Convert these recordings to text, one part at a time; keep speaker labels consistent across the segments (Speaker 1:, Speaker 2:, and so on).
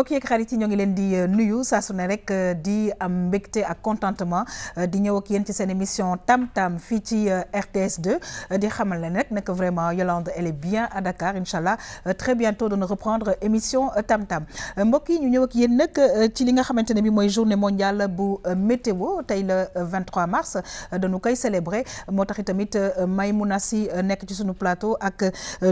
Speaker 1: mbokk yeeg xarit yi ñoo ngi leen di euh, nuyu saa su ne rek euh, di am mbégte ak contentement euh, di ñëw ak yéen ci émission tam tam fii ci RTS 2 di xamal leen rek vraiment Yolande elle est bien à Dakar Inshallah, très bientôt nous reprendre émission tam tam mbokk yi ñu ñëw ak yéen nag ci li nga xamante ne journée mondiale bu météo le 23 mars de koy célébrer moo tax itamit Maymouna Sy nekk ci sunu plateau ak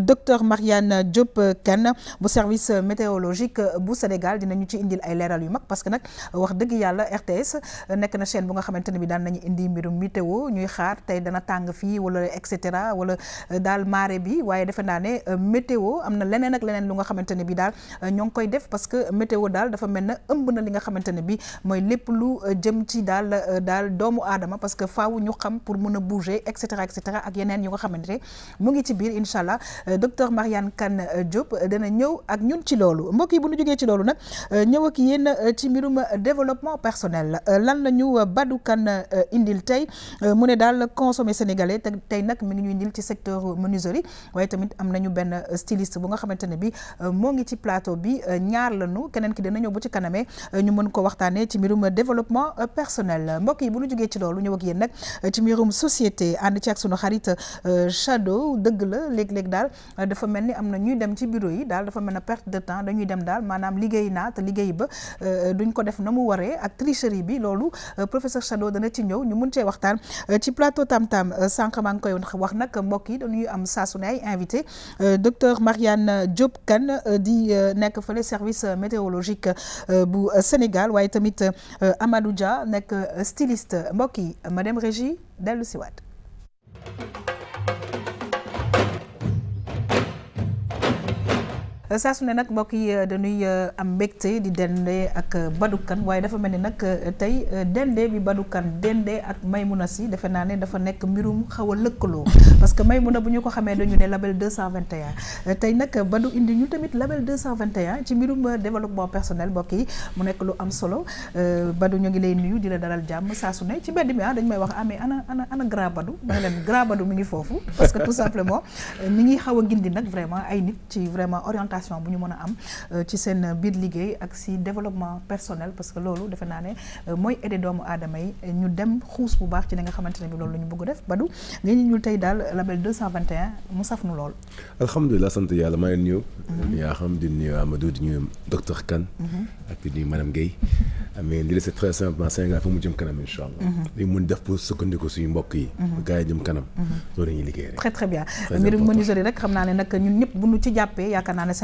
Speaker 1: docteur Marianne Diop Kane bu service météorologique bu Sénégal. Sénégal dinañu ci indil ay leeral yu mag parce nag wax dëgg yàlla RTS nekk na chaîne bu nga xamante ne bi daan nañu indi mbirum météo ñuy xaar tey dana tàng fii wala et cetera wala daal marée bi waaye defe naa ne euh, météo am na leneen ak leneen lu nga xamante ne bi daal euh, ñoo ngi koy def parce que météo daal dafa mel na ëmb na li nga xamante ne bi mooy lépp lu euh, jëm ci daal daal doomu aadama parce que faaw ñu xam pour mën a bouger et cetera et cetera ak yeneen yu xamante ne mu ngi ci biir incha allah docteur Mariane Kane Diop dana ñëw ak ñun ci loolu mbokk bu ñu jógee ci loolu loolu nag euh, ñëw ak yeen euh, ci mbirum développement personnel euh, lan lañu ñu Badou indil tay mu ne daal consommer sénégalais tay nak mi ngi ñu indil ci secteur menuiserie waye tamit am nañu ben styliste bu nga xamantene bi moo ngi ci plateau bi ñaar lañu keneen ki dina ñëw bu ci kanamee ñu mën ko waxtané ci mbirum développement personnel mbokk yi bu ñu joggé ci lolu ñëw ak yeen nak ci mbirum société and ci ak sunu xarit Shadow dëgg la léeg-léeg dal dafa melni am na ñuy dem ci bureau yi dal dafa mel perte de temps dañuy dem daal maanaam liggéey naa te liggéey ba euh, duñ ko def na mu ak tricherie bi loolu euh, professeur Chado dana ci ñëw ñu mun cee waxtaan euh, ci plateau tam-tam sànq maa ngi koy wax nag mbokk yi dañuy am invité docteur Marianne Diop Kane di nekk fële service météorologique bu Sénégal waaye tamit Amadou Dia nekk styliste mbokk yi madame Régie dellu siwaat saa su ne nak mbokk yi euh, dañuy euh, am mbégte di dende ak euh, badukan waaye dafa melni nak tay dende bi badukan dende ak Maymuna Si defe naa dafa nek mbirum xawa lekkolo parce que Maymuna buñu ko xamé dañu né label 221 tay nak badu indi ñu tamit label 221 ci mbirum développement personnel mbokk yi mu nek lu am solo badu ñu ngi lay nuyu di la dalal jàmm saa su ne ci mbedd mi ah dañu may wax amé ah, ana ana ana grand badu may len grand badu mi ngi fofu parce que tout simplement mi ngi xawa gindi nak vraiment ay nit ci vraiment orientation orientation bu ñu mën am euh, ci seen biir liggéey ak si développement personnel parce que loolu defe naa ne euh, mooy aider doomu aadama yi ñu dem xuus bu baax ci li nga xamante ne bi loolu la ñu bëgg def badu nga ñu ñul tey daal label 221 mu saf nu lool.
Speaker 2: alhamdulilah sant yàlla maa ngi nuyu. Mhm. yaa xam di nuyu Amadou di nuyu docteur kan mhm. ak di nuyu madame Guèye. mais li c'est très simplement Sénégal fa mu jëm kanam incha allah. Mhm. li mun def pour sukkandiku suñu mbokk yi. gars yi jëm kanam. loolu la ñuy liggéey
Speaker 1: très très bien mbirum menuiserie rek xam naa ne nag ñun ñëpp bu ñu ci jàppee yaakaar naa ne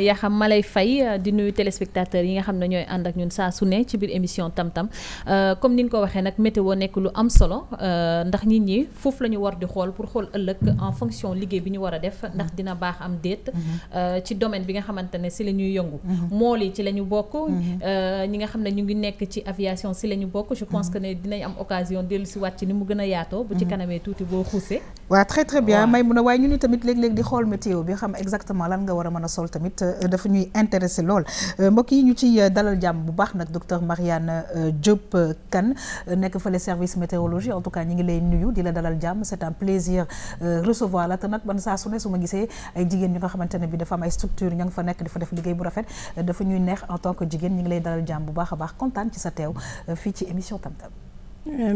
Speaker 3: Yaxam ma lay fay euh, di nuyu téléspectateurs yi nga xam ne ñooy ànd ak ñun saa su ne ci biir émission tam-tam euh, comme ni nga ko waxee nag météo nekk lu am solo euh, ndax nit ñi foofu la ñu war di xool pour xool ëllëg en fonction liggéey bi ñu war a def ndax dina baax am déet mm-hmm. ci domaine bi nga xamante ne si la ñuy yëngu mm-hmm. mool yi ci la ñu bokk mm-hmm. ñi nga xam ne ñu ngi nekk ci aviation si la bokk je pense que ne dinañ am occasion dellu si waat ci ni mu gën a yaatoo bu ci kanamee tuuti boo xuusee
Speaker 1: waaw très très bien may mun a waaye ñun tamit léeg-léeg di xool météo bi xam exactement lan nga war a mën a sol tamit Euh, dafa ñuy intéressé lool euh, mbokk yi ñu ci euh, dalal jàmm bu baax nak docteur Marianne Diop Kane nekk fële service météorologie en tout cas ñi ngi lay nuyu di la dalal c'est un plaisir recevoir la tenante nag sa saa su ne su ma de ay jigen ñu nga xamantene bi dafa am ay structure ña fa nek difa def liggéey bu rafet dafa ñuy neex en tant que jigen ñi ngi lay dalal jàmm bu baax baax ci sa tew fi ci émission Tam Tam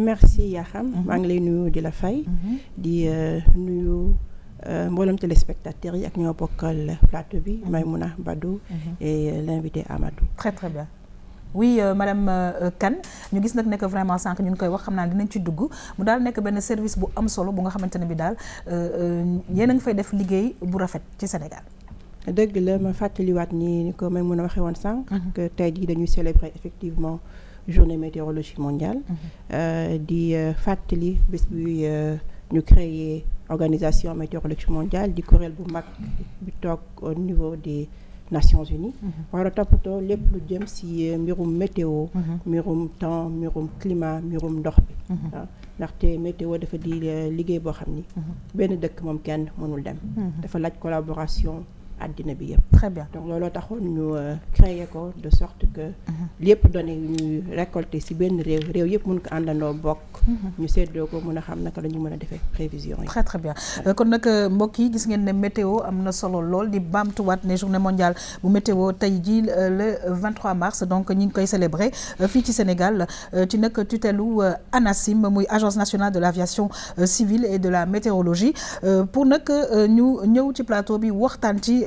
Speaker 4: merci Yaham. Mm-hmm. maa ngi lay nuyu di la fay mm-hmm. di nuyu euh, mboolem téléspectateurs yi ak ñoo plateau bi mhm. Maïmouna Badou mhm. et l'invité Amadou
Speaker 1: très très bien oui euh, madame euh, Kane ñu gis nak vraiment sank ñun koy wax xamna dinañ ci dugg mu dal service bu am solo bu nga bi dal euh a nga fay def
Speaker 4: bu rafet ci Sénégal deug la ma ni ni ko Maïmouna waxé won sank mhm. que tay dañuy célébrer effectivement journée météorologie mondiale di fàttali bés nous ñu organisation météorologique mondiale di kuréel bu mag bi toog au niveau des Nations Unies mhm. war a toppatoo lépp lu jëm si euh, mbirum météo mhm. mbirum temps mbirum climat mbirum ndox bi mhm. ah, ndaxte météo dafa di euh, liggéey boo xam ni benn dëkk moom kenn mënul dem dafa collaboration adina bi yëpp. très bien donc looloo taxoon ñu euh, créer ko de sorte que. Mhm. lépp données yu ñuy récolter ci benn réew réew yëpp mun ko àndandoo bokk. Mhm. ñu seddoo ko mun a xam naka la ñu mën a defee prévision yi. très très bien euh,
Speaker 1: kon nag euh, mbokk yi gis ngeen ne météo am na solo lool di baamtuwaat ne journée mondiale bu météo tey jii le 23 mars donc ñu ngi koy célébrer fii ci Sénégal ci nag tutelu ANACIM muy agence nationale de l' aviation civile et de la météorologie pour nag ñu ñëw ci plateau bi waxtaan ci.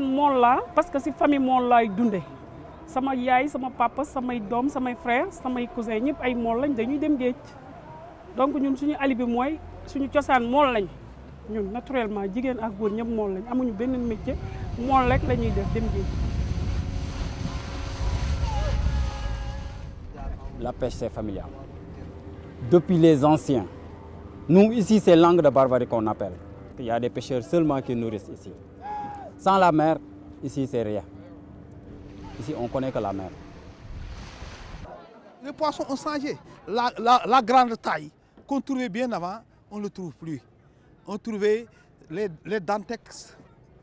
Speaker 5: man mool laa parce que si famille mool laay dunde sama yaay sama papa samay dom samay frère samay cousin ñep ay mool lañ dañuy dem géej donc ñun suñu ali bi mooy suñu cosaan mool lañ ñun naturellement jigen ak góor ñep mool lañ amuñu benn métier mool rek lañuy def dem géej.
Speaker 6: La pêche c'est familial. Depuis les anciens, nous ici c'est langue de barbarie qu'on appelle. Il y a des pêcheurs seulement qui nourrissent ici. Sans la mer, ici, c'est rien. Ici, on ne connaît que la mer.
Speaker 7: Les poissons ont changé. La, grande taille qu'on trouvait bien avant, on ne le trouve plus. On trouvait les, les dentex,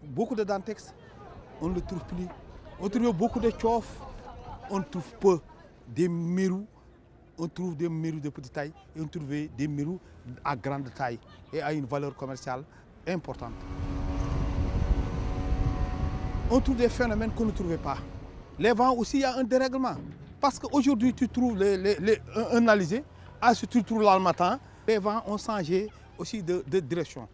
Speaker 7: beaucoup de dentex, on ne le trouve plus. On trouvait beaucoup de chauffe, on trouve peu. Des mérous, on trouve des mérous de petite taille et on trouve des mérous à grande taille et à une valeur commerciale importante on trouve des phénomènes qu'on ne trouvait pas. Les vents aussi, il y a un dérèglement. Parce qu'aujourd'hui, tu trouves les, les, un, à ce ah, tu trouves là le matin, les vents ont changé aussi de, direction.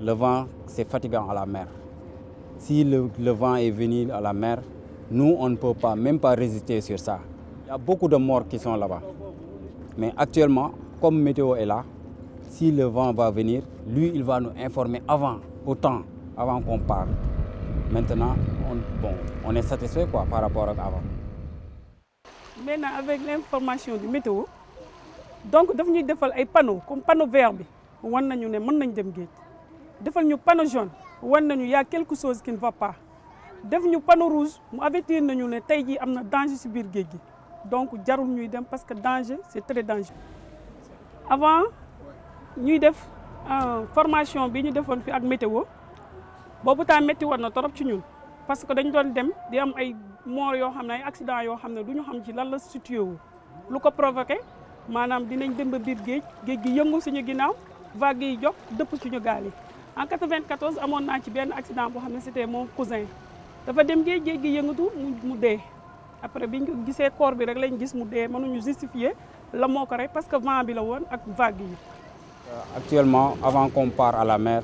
Speaker 6: Le vent, c'est fatigant à la mer. Si le, vent est venu à la mer, nous, on ne peut pas, même pas résister sur ça. Il y a beaucoup de morts qui sont là-bas. Mais actuellement, comme météo est là, si le vent va venir, lui, il va nous informer avant, autant, avant qu'on parle. Maintenant, on, bon, on est satisfait quoi, par rapport à avant.
Speaker 5: Maintenant, avec l'information du météo, donc daf ñuy defal panneaux comme panneau vert bi wan nañu ne mën nañ dem géej defal ñu panneau jaune wan y a quelque chose qui ne va pas def ñu panneau rouge mu avertir nañu ne tey un danger ci le géej Donc, donc jarul ñuy dem parce que danger c'est très dangereux avant ñuy def euh, formation bi ñu avec fi météo boobu temps métti woon torop ci ñun parce que dañ doon dem di am ay mort yo xam ay accident yo xam duñu xam ci lan la situé wu lu ko provoqué maanaam dinañ dem ba biir geej geej gi yëngu suñu ginnaaw vague yi jóg dëpp suñu gaal yi en 94 amon na ci benn accident bo xam c'était mon cousin dafa dem geej geej gi yëngatu mu dee après biñu ko corps bi rek lañ gis mu dee mënuñu justifier la moko ko parce que vent bi la won ak vague yi.
Speaker 6: Euh, actuellement avant qu'on part à la mer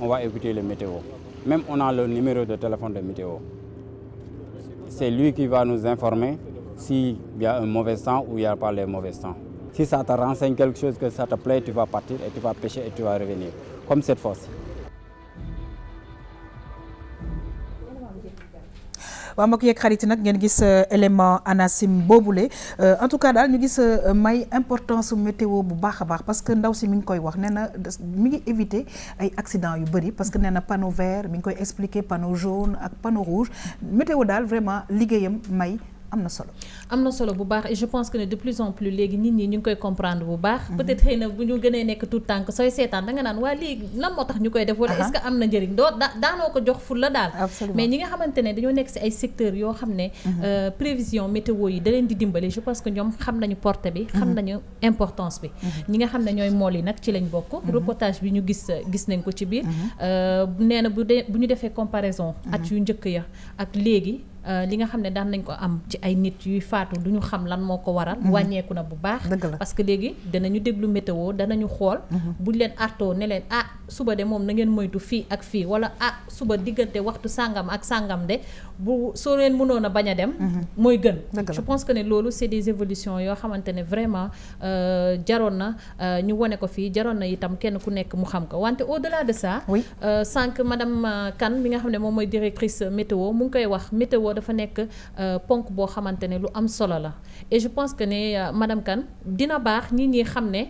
Speaker 6: on va éviter les météos même on a le numéro de téléphone de météo. C'est lui qui va nous informer s'il y a un mauvais temps ou il n'y a pas le mauvais temps. Si ça te renseigne quelque chose que ça te plaît, tu vas partir et tu vas pêcher et tu vas revenir. Comme cette fois
Speaker 1: waa mbokk yeeg xarit nak ngeen gis euh, élément ANACIM boobule euh, en tout cas dal ñu gis euh, may importance météo bu baax baax parce que ndaw si mi ngi koy wax nee mi ngi éviter ay accident yu bëri parce que nee panneau vert mi ngi koy expliquer panneau jaune ak panneau rouge météo dal vraiment liggéeyam may amna solo.
Speaker 3: je pense que de plus en plus les nit ñi ñu koy comprendre bu baax. Mhm. peut-être xeyna Nous bu ñu tout temps tous sétane da nga les def. est-ce que amna Nous sommes jox mais ñi nga xamantene les nek ci ay secteurs yo mhm. euh, prévision météo yi da je pense que ñom xam nañu portée bi. xam mhm. nañu importance bi. ñi nga ci reportage bi ñu gis gis comparaison at yu ya ak Euh, li nga xam ne daan nañ ko am ci ay nit yuy faatu du ñu xam lan moo ko waral. Mhm. wàññeeku na bu baax. parce que léegi danañu déglu météo danañu xool. Mhm. buñ leen artoo neleen ah suba de moom na ngeen moytu fii ak fii wala ah suba diggante waxtu sàngam ak sàngam de bu soo leen mënoon a dem. Mhm. mooy gën. je pense que ne loolu c'est des évolutions yoo xamante ne vraiment euh, jaroon na euh, ñu wone ko fii jaroon na itam kenn ku nekk mu xam ko wante au-delà de ça. oui euh, sànq madame Kane mi nga xam ne moom directrice météo mu ngi koy wax météo dafa nekk ponk boo xamante ne lu am solo la et je pense que ne madame Kane dina baax nit ñi xam ne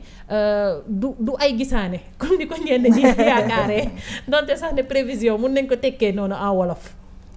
Speaker 3: du du ay gisaane comme ni ko ñenn ñi yaakaaree donte ça ne prévision mun nañ ko tekkee noonu en wolof.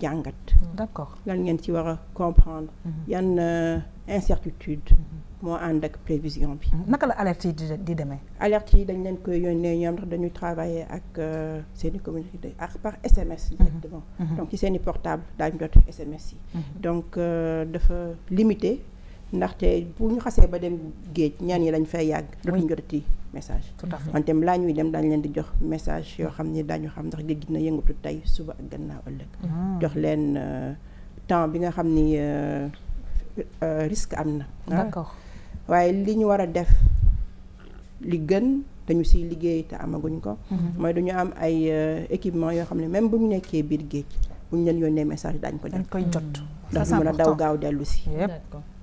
Speaker 4: jàngat d'accord lan ngeen ci wara comprendre mhm. yan euh, incertitude mhm. mo ànd ak prévision bi mhm.
Speaker 1: naka la alerte yi di
Speaker 4: demee alerte yi dañ leen koy yónnee ñoom ndax dañuy travailler ak euh, seen i communiqué ak par SMS directement donc ci seen i portable daañu jot SMS yi donc euh, dafa limité ndaxte bu ñu xasee ba dem géej ñaan yi lañ fay yàgg dootuñu jotati message en tam laa ñuy dem daañ leen di jox message yoo xam ne daañu xam ndax géej gi na yëngatu tey suba ak gannaaw ëllëg
Speaker 8: hmm. jox leen
Speaker 4: euh, temps bi nga xam euh, euh, risque amna ah. d'accord waaye li ñu def li gën dañu ci liggéey te amaguñ ko moy mhm. dañu am ay équipement yo xam même bu ñu nekkee biir géej bu ñu leen yónnee message dañ ko dañ koy jot hmm. ndax mën a daw gaaw ci d'accord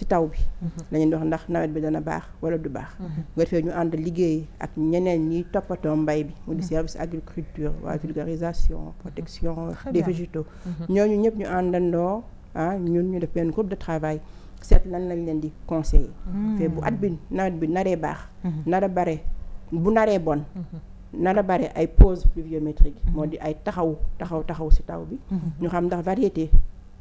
Speaker 4: ci taw bi lañu wax ndax nawet bi dana wala du mhm. nga ñu liggéey ak ñeneen mhm. service agriculture vulgarisation protection des végétaux ñooñu ñu groupe de travail seet lan lañ leen di conseiller mhm. bu nawet bi a bu bon ay ay taxaw taxaw taxaw taw variété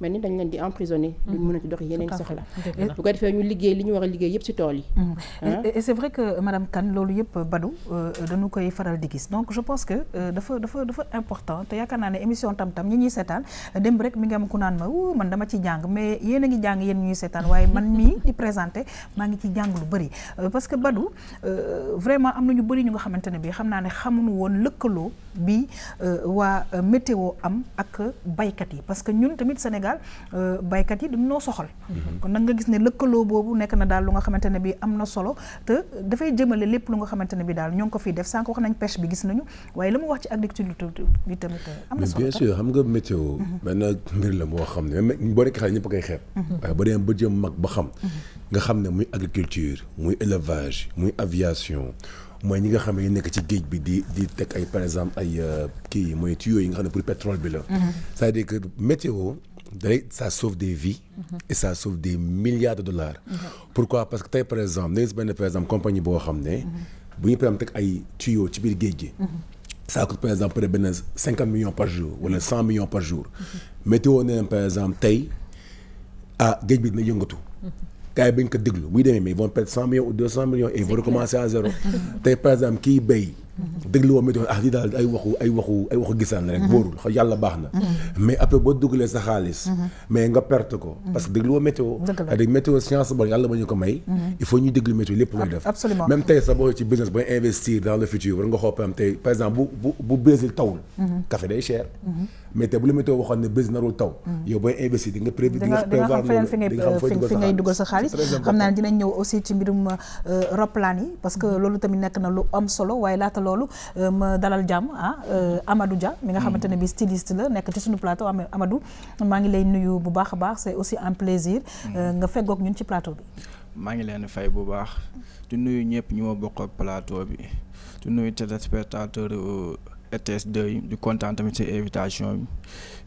Speaker 4: mais ni dañ leen di emprisonné. Mm-hmm. duñ mën a ci dox yeneen soxla. bu ko defee ñu liggéey li ñu war a liggéey yëpp si tool yi.
Speaker 1: Mm-hmm. Ah. et c'est vrai que madame Kane loolu yëpp Badou euh, dañu koy faral di gis donc je pense que euh, dafa dafa dafa important te yaakaar naa ne émission tam-tam ñi ñuy seetaan démb rek mi ngi am ku naan ma wuu man dama ci jàng mais yéen a ngi jàng yéen ñuy seetaan waaye man mii di présenté maa ngi ci jàng lu bëri euh, parce que Badou vraiment am na ñu bëri ñu nga xamante ne bi xam naa ne xamuñu woon lëkkaloo bi waa météo am ak baykat yi parce que ñun tamit Sénégal Sénégal euh, baykat yi dañu noo soxal kon nag nga gis ne lëkkaloo bobu nek na dal lu nga xamantene bi amna solo te da fay jëmele lepp lu nga xamantene bi dal ñong ko fi def sank wax nañ pêche bi gis nañu waye lamu wax ci agriculture bi tamit euh,
Speaker 2: am na solo bien sûr xam nga météo maintenant mbir la mo xamne bo boo nekk xale ñëpp koy xeeb mhm. waaye ba dee jëm mag ba xam mhm. nga xamne muy agriculture muy élevage muy aviation moy ñi nga xam ñu nekk ci géej bi di di tek ay par exemple ay euh, ki moy tuyo yi nga xam pour pétrole bi la ça mhm. veut dire que météo ça sauve des vies mhm. et ça sauve des milliards de dollars. Mhm. pourquoi parce que par exemple si par exemple compagnie qui xam mhm. bu par exemple ay tuyaux ci ça coûte par exemple près millions par jour ou 100 millions par jour. vous nee par exemple Tay à ah, géej bi ne yëngatu. gars yi bañ ko déglu buy mais ils vont perdre 100 millions ou 200 millions et ils vont recommencer à zéro. par exemple qui paye déglu woo météo ah lii dal ay waxu ay waxu ay waxu gisaan rek borul xa yalla baxna mais après bo dugalee sa xaalis mais nga perte ko parce que déglu woo météo cest météo science bo yalla bañu ko may mhm. il faut ñu déglu météo lepp looy def même tay sa bo ci business booy investir dans le futur nga xool am tay par exemple bu bu bu Brésil tawul mhm. café day cher mhm. mais tay bu le météo waxone ne Brésil narul taw yow booy investir nga prévu di nga prévoir fi ngay dugal sa xaalis xam
Speaker 1: naa ne dinañ ñëw aussi ci mbirum euh, roplaan yi parce que lolu tamit nek na lu am solo waye la loolu euh, ma dalal jam ah euh, Amadou Dia mi nga mm. xamantene bi styliste la nek ci sunu plateau Amadou maa ngi lay nuyu bu baax baax c'est aussi un plaisir mm. euh, nga feggoog ñun ci plateau bi
Speaker 9: maa ngi leen fay bu baax di nuyu ñëpp ñu bokk plateau bi di nuyu téléspectateur ets 2 du content tamit ci invitation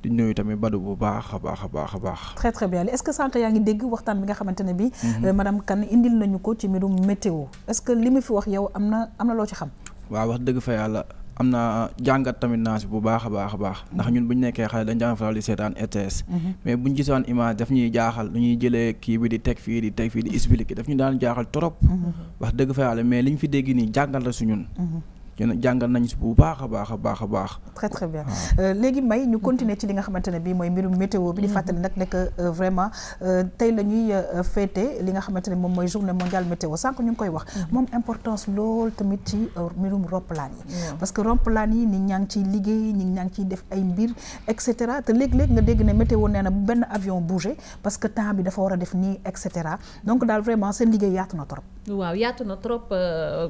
Speaker 9: di nuyu tamit badu bu baax a baax baax baax.
Speaker 1: très très bien est-ce que sànq ya ngi dégg waxtan bi nga xamantene bi mm-hmm. madame kan indil nañu ko ci mbirum météo est-ce que limi fi wax yow amna amna lo ci xam.
Speaker 9: waaw wax dëgg fa yàlla am na jàngat tamit naa si bu baax a baax a baax ndax ñun bu ñu nekkee xale dañ daan faral di seetaan RTS mhm. mais bu ñu gisaan image daf ñuy jaaxal lu ñuy jëlee kii bi di teg fii di teg fii di expliqué daf ñu daan jaaxal trop mhm. wax dëgg fa yàlla mais li ñu fi dégg nii jàngal la su ñun mhm. jàngal nañ si bu baax a baax baax
Speaker 1: très très bien ah. euh, léegi may ñu continuer ci li nga xamante ne bi mooy mbirum météo bi di fàttali nag nekk euh, vraiment euh, tey la ñuy féete li nga xamante ne moom mooy journée mondiale météo sànq ñu ngi koy wax mm-hmm. moom importance lool tamit ci mbirum roppalaan yi parce que roppalaan yi nit ñaa ngi ciy liggéey ñi ñaa ngi ciy def ay mbir et cetera te léeg-léeg nga dégg ne météo nee na benn avion bougé parce que temps bi dafa war a def nii et cetera donc daal vraiment seen liggéey yaatu na trop
Speaker 3: waaw yaatu na trop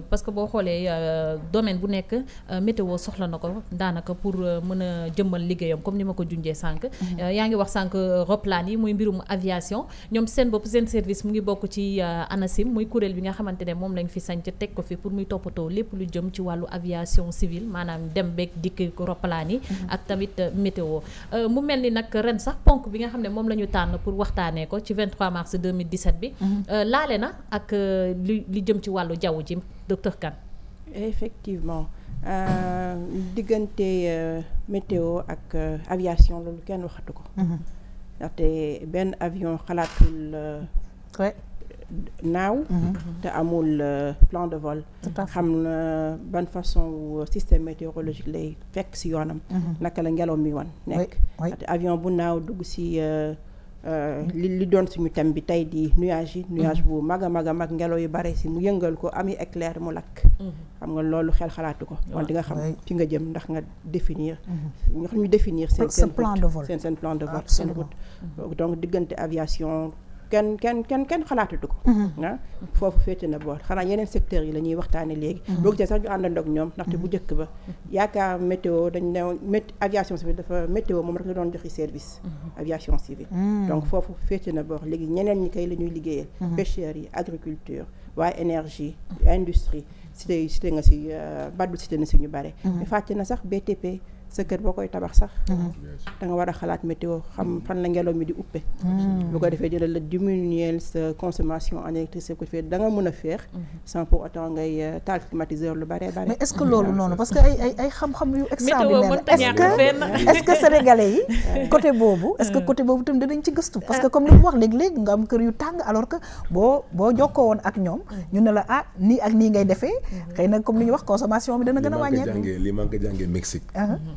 Speaker 3: parce que boo xoolee domaine bu nekk euh, météo soxla na ko daanaka pour euh, mën a jëmmal liggéeyam comme ni ma ko junjee sànq. Mhm. Euh, yaa ngi wax sànq roplaan yi muy mbirum aviation ñoom seen bopp seen service mu ngi bokk ci ANACIM muy kuréel bi nga xamante ne moom lañ fi sanc teg ko fi pour muy toppatoo lépp lu jëm ci wàllu aviation civile maanaam dem beeg dikk roplaan yi. Mhm. ak tamit météo mu mel ni nag ren sax ponk bi nga xam ne moom la ñu tànn pour waxtaanee ko ci 23 mars 2017 bi. Mhm. laale na ak li li jëm ci wàllu jaww ji docteur Kane
Speaker 4: effectivement euh, diggante euh, météo ak euh, aviation loolu kenn waxatu ko. Mhm. ndaxte benn avion très naaw. Mhm. te amul plan de vol. xam na ban façon système météorologique lay fek ci yonam mhm. naka la ngelaw mi wan nekk. avion bu naaw dugg ci. Euh, li li doon suñu thème bi tey di nuage yi nuage bu mag a mag a mag ngelaw yu bare si mu yëngal ko ami éclair mu lakk mhm. xam nga loolu xel xalaatu ko wante di nga xam fi nga jëm ndax nga définir ñu mhm. xam ñu définir seen seen plan de vol seen seen plan de vol seen route donc diggante aviation kenn kenn kenn kenn xalaatatu ko mhm. ah, foofu féete na boor xanaa yeneen secteur yi lañuy ñuy waxtaane léegi mhm. boo gisee sax ñu àndandoog ñoom ndaxte bu mhm. njëkk ba yaakaar météo dañ ne mét aviation civile dafa météo moom rek la doon joxe service aviation civile donc foofu féete na boor léegi ñeneen ñi kay la ñuy liggéeyal pêcheurs yi agriculture waaye énergie industrie cité cité nga si euh, baddu cité na si ñu bare fàtte na sax BTP sa kër boo tabax sax mhm. da nga wara a xalaat météo xam fan la ngelaw mi di uppe mhm. bu ko defee dina la diminuer sa consommation en électricité bu ko defee da nga mën a feex mhm. sans pour autant ngay euh, taal climatiseur lu bare bare mais est-ce que loolu noonu
Speaker 1: parce que ay ay ay xam-xam yu extraordinaire est-ce que
Speaker 4: est-ce que sénégalais yi
Speaker 1: côté boobu est-ce que mm. côté boobu tam dinañ ci gëstu parce que ah. comme li mu wax léegi-léegi nga am kër yu tàng alors que boo boo jokkoo woon ak ñoom mm. ñu ne la ah nii ak nii ngay defee mm. xëy na comme li ñu wax consommation bi dana gën a wàññeeku
Speaker 2: li ma ko jàngee Mexique uh-huh. mm-hmm.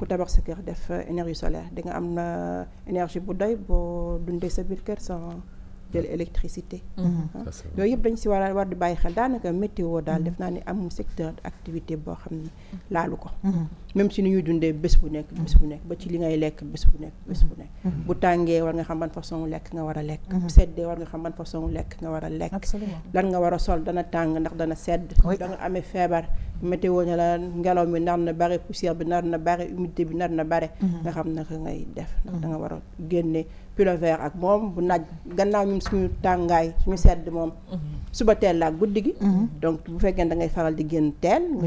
Speaker 4: ku tabax sa kër def euh, énergie solaire di nga am na euh, énergie bu doy bo dundé sa biir kër sans jël électricité
Speaker 8: mm-hmm. ah.
Speaker 4: yooyu yëpp dañ si war a war di bàyyi xel daanaka météo daal mm-hmm. def naa ni am secteur activité boo xam ne mm-hmm. laalu ko même si ni ñuy dundee bés bu nekk bés bu nekk ba ci li ngay lekk bés bu nekk bés bu nekk mm-hmm. bu tàngee war nga xam ban façon lekk nga war a lekk mm-hmm. bu seddee war nga xam ban façon lekk nga war a lekk lan nga war a sol dana tàng ndax dana sedd da nga amee feebar météo ne la ngelaw mi nar na bare poussière bi nar na bare humidité bi nar na bare mm-hmm. xam naka ngay def ndax da war a génne pull-over ak moom bu naaj gannaaw ñun suñu tàngaay suñu sedd moom suba teel la guddi gi donc bu fekkee da ngay faral di génn teel nga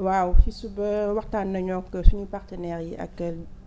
Speaker 4: waaw ci suba waxtaan nañoo ak suñu partenaires yi ak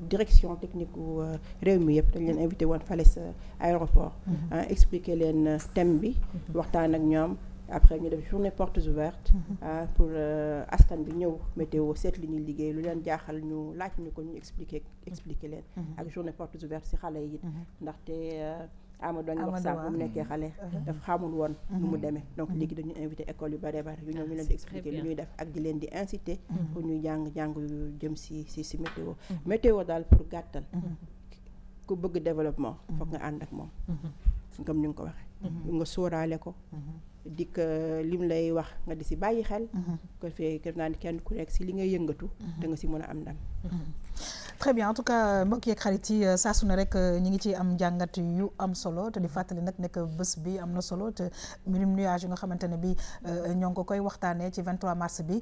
Speaker 4: direction technique ou réunie. Il yëpp dañ leen invité woon fale sa aéroport mhm. ah, expliquer leen euh, thème bi mhm. waxtaan ak ñoom après ñu def journée portes ouvertes mhm. ah, pour euh, askan bi météo Cette li ñuy liggéey lu leen jaaxal ñu laaj ñu ko ñu expliquer expliquer leen ak journée portes ouvertes ci xale yi ndaxte euh, Amadou ñu wax sànq bu nekké xalé daf xamul won nu mu démé donc léegi dañu invité école yu bari bari yu ñoom ñu leen di expliquer lu ñuy def ak di leen di inciter pour ñuy jang jang yu jëm ci ci si météo météo dal pour gattal ku bëgg développement fokk nga and ak mom comme ñu nga ko waxee nga sooralé ko dik euh, lim lay wax nga di si bayyi xel ko fee kër kenn ku rek si li nga yëngatu da nga si mëna am ndam
Speaker 1: très bien en tout cas euh, moi qui euh, rek euh, ci am yu am solo te di fatali nak nek bi am solo te nuage nga bi ko koy ci 23 mars bi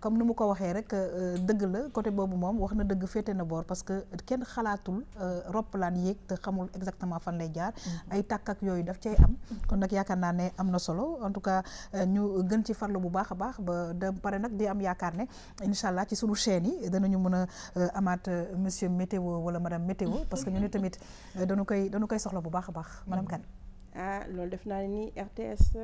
Speaker 1: comme nous ko rek deug la côté bobu mom parce que kenn rop yek te xamul exactement fan lay jaar mm-hmm. ay tak ak yoyu daf am kon nak solo en tout cas ñu gën ci farlu bu baaxa baax ba de pare nak di am ci sunu chaîne yi monsieur météo wala madame météo parce que ñu ne tamit euh, dañu koy dañu koy soxla bu baax a baax madame Kane
Speaker 4: ah loolu def na ni RTS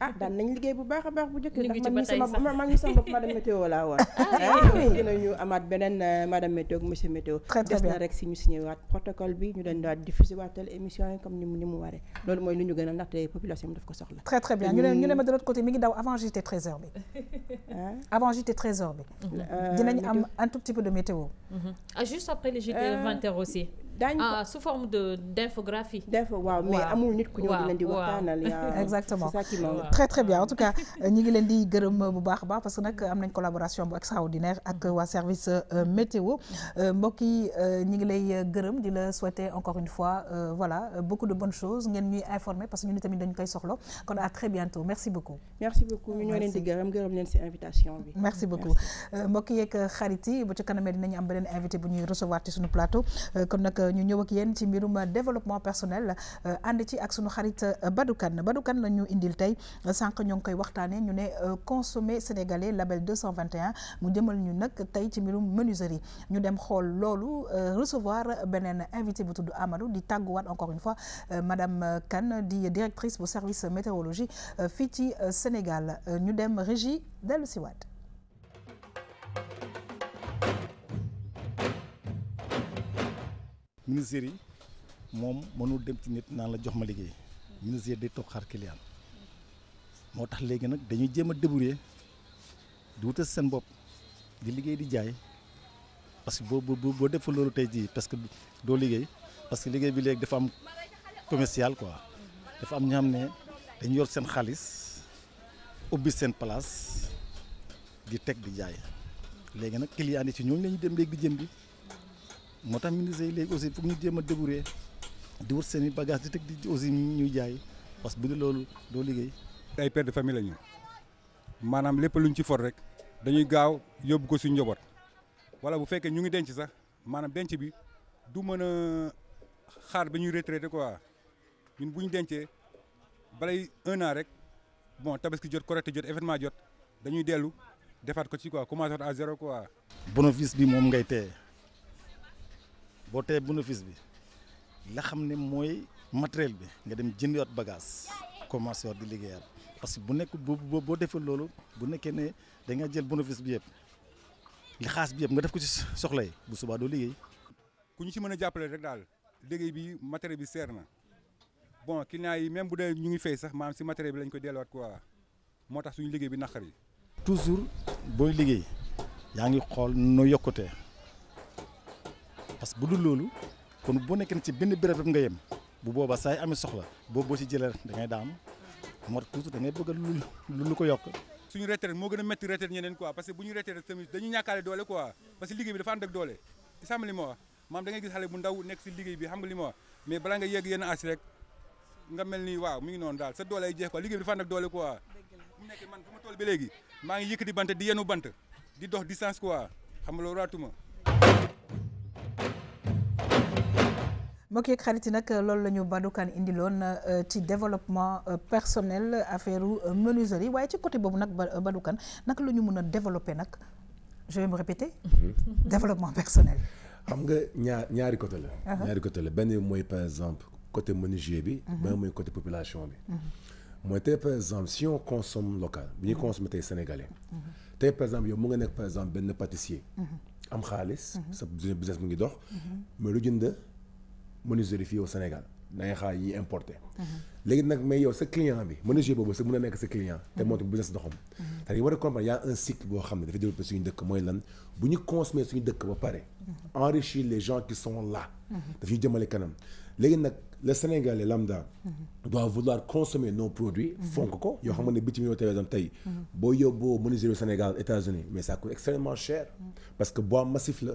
Speaker 4: ah dan nañ liggéey bu baax baax bu njëkk ndax man mii sama ma mii sama bopp madame météo laa woon ah, ah, dina ñu amaat beneen euh, madame météo ak monsieur météo des na rek si ñu signé waat protocole bi ñu dañ daal diffuser diffusé waatal émission yi comme ni mu ni mu waré loolu mooy lu ñu gën a ndaxte population bi daf ko soxla très très bien
Speaker 1: ñu ne ñu ne ma de l'autre côté mi ngi daw avant JT 13h bi ah. avant JT 13h bi euh, dinañ am un tout petit peu de météo mm-hmm.
Speaker 3: ah juste après le JT 20h aussi ah, sous forme de D'infographie, infographie. mais amul nit ku ñëw di leen di waxtaanal. exactement très
Speaker 1: très bien en tout cas euh, ñi ngi leen di parce bu a baax parce que nag am nañ collaboration extraordinaire avec le service euh, météo euh, mbokk yi ñi ngi lay gërëm di encore une fois voilà beaucoup de bonnes choses nous ñuy informer parce que nous tamit dañu sur l'eau. kon à
Speaker 4: très bientôt merci beaucoup. merci beaucoup ñu ñoo leen di gërëm gërëm invitation merci beaucoup
Speaker 1: mbokk yeeg xarit yi bu ci kanamee dinañu am invité bu recevoir sur suñu plateau kon euh, ñu ñëw ak yeen ci mbirum développement personnel euh, ànd ci ak sunu xarit Badou euh, badoukan. Badou Kane la ñu indil tay sank ñoo ngi koy waxtaanee ñu né consommer sénégalais label 221 mu jëmal ñu nak tay ci mbirum menuiserie ñu dem xol lolu recevoir benen invité bu tuddu Amadou di wat encore une fois madame Kan di directrice bu service météorologie fi ci Sénégal ñu dem régie dellu siwaat
Speaker 7: ministère yi moom mënul dem ci nit naan la jox ma liggéey ministère day toog xaar client moo tax léegi nag dañuy jéem a débrouiller di wutal seen bopp di liggéey di jaay parce que boo boo boo deful loolu tey jii parce que doo liggéey parce que liggéey bi léegi dafa am commercial quoi dafa am ñoo xam ne dañu yor seen xaalis ubbi seen place di teg di jaay léegi nag client yi ci ñooñu lañu dem léegi di jëndi. moo tax ministre yi léegi aussi foog ñu jéem a
Speaker 10: débrouiller di wut seen i bagage di teg di aussi ñuy jaay parce que bu dee loolu doo liggéey. ay père de famille la ñu maanaam lépp luñ ci for rek dañuy gaaw yóbbu ko suñ njaboot wala bu fekkee ñu ngi denc sax maanaam denc bi du mën a xaar ba ñuy retraité quoi ñun bu ñu dencee balay un an rek bon tabaski jot correcte jot événement jot dañuy dellu defaat ko ci quoi commencé à zéro quoi.
Speaker 7: bénéfice bi moom ngay téye.
Speaker 10: boo tee bénéfice bi
Speaker 7: la xam ne mooy matériel bi nga dem jëndiwaat bagage commencé waat di liggéeyaat parce que bu nekk boo boo defee loolu bu nekkee ne da nga jël bénéfice bi yëpp li xaas bi yëpp nga def ko si soxla yi bu subaa doo liggéey.
Speaker 10: ku ñu ci mën a jàppale rek daal liggéey bi matériel bi seer na bon client yi même bu dee ñu ngi fay sax maanaam si matériel bi lañ koy delluwaat quoi moo tax suñu liggéey bi naqar yi.
Speaker 7: toujours booy liggéey yaa ngi xool nu yokkute parce que bu dul loolu kon boo nekkee ne ci benn béréb rek nga yem bu boobaa saa yi amee soxla boo boo ci jëlee da ngay moo tax toujours da bëgg lu lu ko yokk.
Speaker 10: suñu retraite moo gën a métti retraite ñeneen quoi parce que bu ñu retraite tamit dañu ñàkkaale doole quoi parce que liggéey bi dafa ànd ak doole sàmm li ma wax maam da gis xale bu ndaw nekk si liggéey bi xam nga li ma wax mais balaa nga yegg yenn as rek nga mel ni waaw mi ngi noonu daal sa doole ay jeex quoi liggéey doole quoi bu nekkee man fu maa ngi yëkkati bant di yenu bant di dox distance quoi xam nga loolu raatuma
Speaker 1: mbokk yeeg xarit yi nag euh, loolu la ñu Badoukan euh, ci développement euh, personnel affaire menuiserie waaye ci côté bobu n'ak Badoukan n'ak la mëna développer nak je vais me répéter. Mm-hmm. développement personnel.
Speaker 2: xam nga ñaari côté la. Ah ah. ñaari côté la ben moy par exemple côté menuisier bi. Mm-hmm. ben moy côté population bi. Mm-hmm. mooy té par exemple si on consomme local bu consomme sénégalais. té par exemple yow mu nga nek par exemple ben pâtissier. am xaalis. sa business mu ngi dox. mais lu jënd menuiserie fii au Sénégal dangay xaar yi importé léegi nag mais yow sa client bi menuisier boobu sa mën a nekk sa client te moom tamit business doxam te war a comprendre y a un cycle boo xam ne dafa développé suñu dëkk mooy lan bu ñu consommer suñu dëkk ba pare enrichir les gens qui sont là daf ñu jëmale kanam léegi nag le Sénégalais lambda doit vouloir consommer nos produits fonk ko yoo xam ne bitim yoo tey tey boo yóbboo menuisier au Sénégal États-Unis mais ça coûte extrêmement cher parce que bois massif la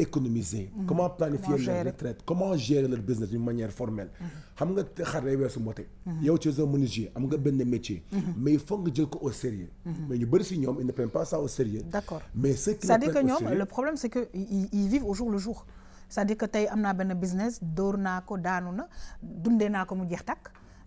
Speaker 2: économiser mhm. comment planifier leur retraite comment gérer leur business d'une manière formelle mhm. xam nga xar day weesu mbote mhm. yow tu es un am nga ben métier mais il faut que le ko au sérieux mais ñu bëri ils ne prennent pas ça au sérieux d'accord mais ce qui cest que le
Speaker 1: problème c'est que ils vivent au jour le jour c'est-à-dire que tey am ben business as un ko tu as un business, ko mu un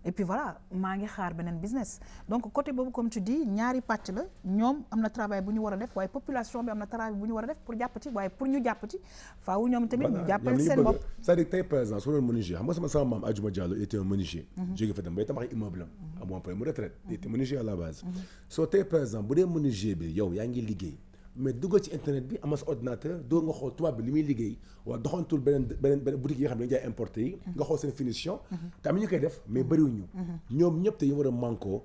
Speaker 1: et puis voilà maa ngi xaar benen business donc côté bobu comme tu dis ñaari pàcc la ñom amna travail buñu wara def waaye population bi amna travail buñu wara def pour jàpp ci waaye pour ñu jàpp ci faaw ñom tamit ñu jappal sen bop
Speaker 2: c'est-à-dire tey par exemple soo doon menuisier xam nga sama sama maam Adjouma Diallo était un menuisier mhm. jóge fa dem bay tamax immeuble am mhm. amoon problème mu retraite était mhm. menuisier à la base so tay par exemple bu dé menuisier bi yow ya ngi liggéey mais duggal ci internet bi amal ordinateur do nga xol tubaab bi limi muy wa wala doxantul benen benen beneen boutique yi nga xam ne dañu importé yi nga xol seen finition mhm. te am ñu koy def mais mhm. bëriwuñu mhm. ñoom ñëpp te ñu war a manko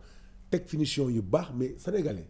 Speaker 2: tek finition yu bax mais sénégalais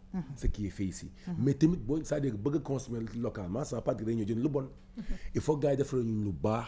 Speaker 2: Mm-hmm. ce qui est fait ici. Mm-hmm. mais tamit boo ça à dire bëgg consommer localement ça va pas dire ñu jënd lu bon. Mm-hmm. il faut garder yi defal ñu lu baax.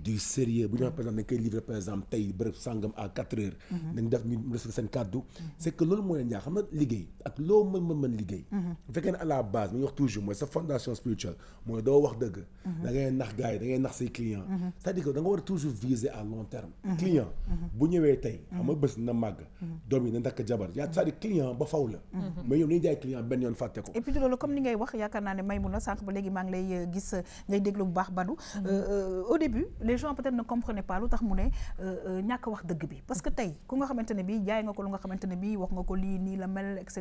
Speaker 2: du sérieux bu ñu par exemple dañ livrer par exemple tay bërëb sangam à 4 h dañ def ñu respecté seen cadeau c'est que loolu mooy ñaax xam nga liggéey ak lo mën mën mën liggéey. bu fekkee à la base ñu wax toujours mooy sa fondation spirituelle mooy doo wax dëgg. da ngay nax gaay da ngay nax say clients. c'est à dire que da nga war a toujours viser à long terme. client bu ñëwee tey. xam nga bés na màgg. doom yi na takk jabar yaa c' est à dire client ba faw la. mais jaay client benn yoon fàtte ko
Speaker 1: et puis loolu comme ni ngay wax yakarna né ne Maïmouna ba légui mang lay euh, gis euh, ngay déglou bu baax Badou mm-hmm. euh, au début les gens peut-être ne comprenaient pas lu mouné euh ne wax dëgg bi parce que tay ku nga xamante bi jaay nga ko lu nga xamante bi wax nga ko li ni la mel etc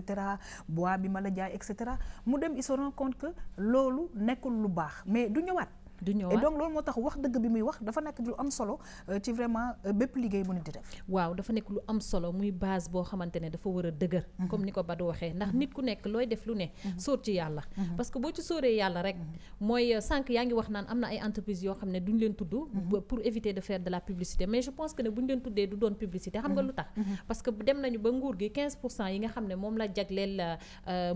Speaker 1: bois bi mala jaay etc mu dem ils se rendent compte que lolu nekkul lu baax mais du ñëwaat et donc loolu moo tax wax dëgg bi muy wax dafa nekk
Speaker 3: lu am solo euh, ci vraiment euh, bépp liggéey mu nit di def. waaw dafa nekk lu am solo muy base boo xamante ne dafa war a dëgër. Mhm. comme ni ko Badou waxee ndax mhm. nit ku nekk looy def lu ne. Mhm. sóor ci yàlla. parce que boo ci sóoree yàlla rek. mooy euh, sànq yaa ngi wax naan am na ay entreprises yoo xam ne duñ leen tudd. pour éviter de faire de la publicité mais je pense que ne buñ leen tuddee du doon publicité xam nga lu tax. parce que dem nañu ba nguur gi 15 pour cent yi nga xam ne moom la jagleel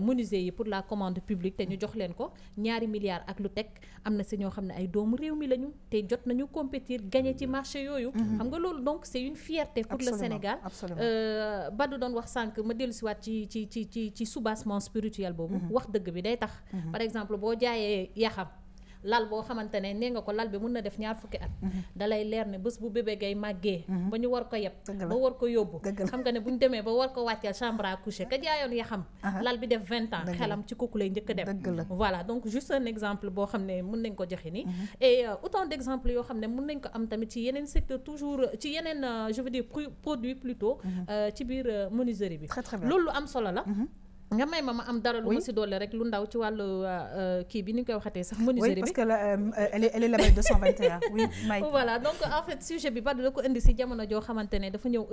Speaker 3: menuisier yi pour la commande publique te ñu jox leen ko ñaari milliards ak lu teg am na si ñoo xam ne ay doomu réew mi lañu te jot nañu compétir gagner ci marché yoyu mm-hmm. xam nga lolu donc c'est une fierté pour le Sénégal euh, Badou doon wax sank ma dellu siwaat ci ci ci ci ci soubassement spirituel bobu mm-hmm. wax deug bi day tax mm-hmm. par exemple bo jaayee yaxam lal bo xamantene ne nga ko lal bi mun na def ñaar fukki at mhm. dalay leer ne bés bu bébé gay maggé mhm. ba ñu war ko yeb ba war ko yóbbu xam nga ne buñ démé ba war ko wàcceel chambre à coucher ka jaayoon ya xam lal bi def 20 ans xelam ci kooku lay njëkk dem voilà donc juste un exemple bo xamné mën nañ ko joxe ni mhm. et euh, autant d' yo xamné mën nañ ko am tamit ci yenen secteur toujours ci yenen euh, je veux dire produit plutôt euh, ci biir menuiserie bi loolu am solo la nga may ma ma am dara lu ma si doole rek lu ndaw ci wàllu euh, euh, kii bi ni ñu koy waxatee sax. menuiserie bi euh, oui parce donc en fait bi ba da ko indi si jamono joo xamante ne dafa ñëw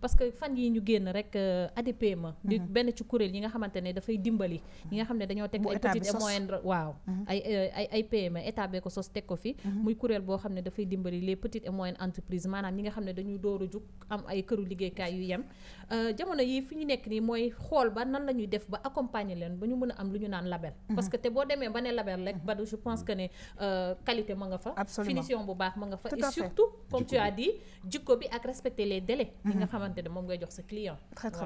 Speaker 3: parce que fan yi ñu génn rek ADPME. Mhm. benn ci kuréel yi nga xamante ne dafay dimbali. ñi nga xam ne dañoo teg ay petites et moyennes waaw. Mhm. ay ay ay PME état bee ko sos teg ko fi. Mhm. muy kuréel boo xam ne dafay dimbali les petites et moyennes entreprises maanaam ñi nga xam ne dañuy door a jug am ay këru liggéeykaay yu yem jamono yi fi ñu nekk nii mooy xool ba nan la ñuy def ba accompagner leen ba ñu mën a am lu ñu naan label mhm. parce que te boo demee ba ne label rek mhm. ba je pense que ne euh, qualité ma nga fa finition bu baax ma nga fa et surtout comme tu as dit jikko bi ak respecter les délais mhm. li nga xamante ne moom ngay jox sa client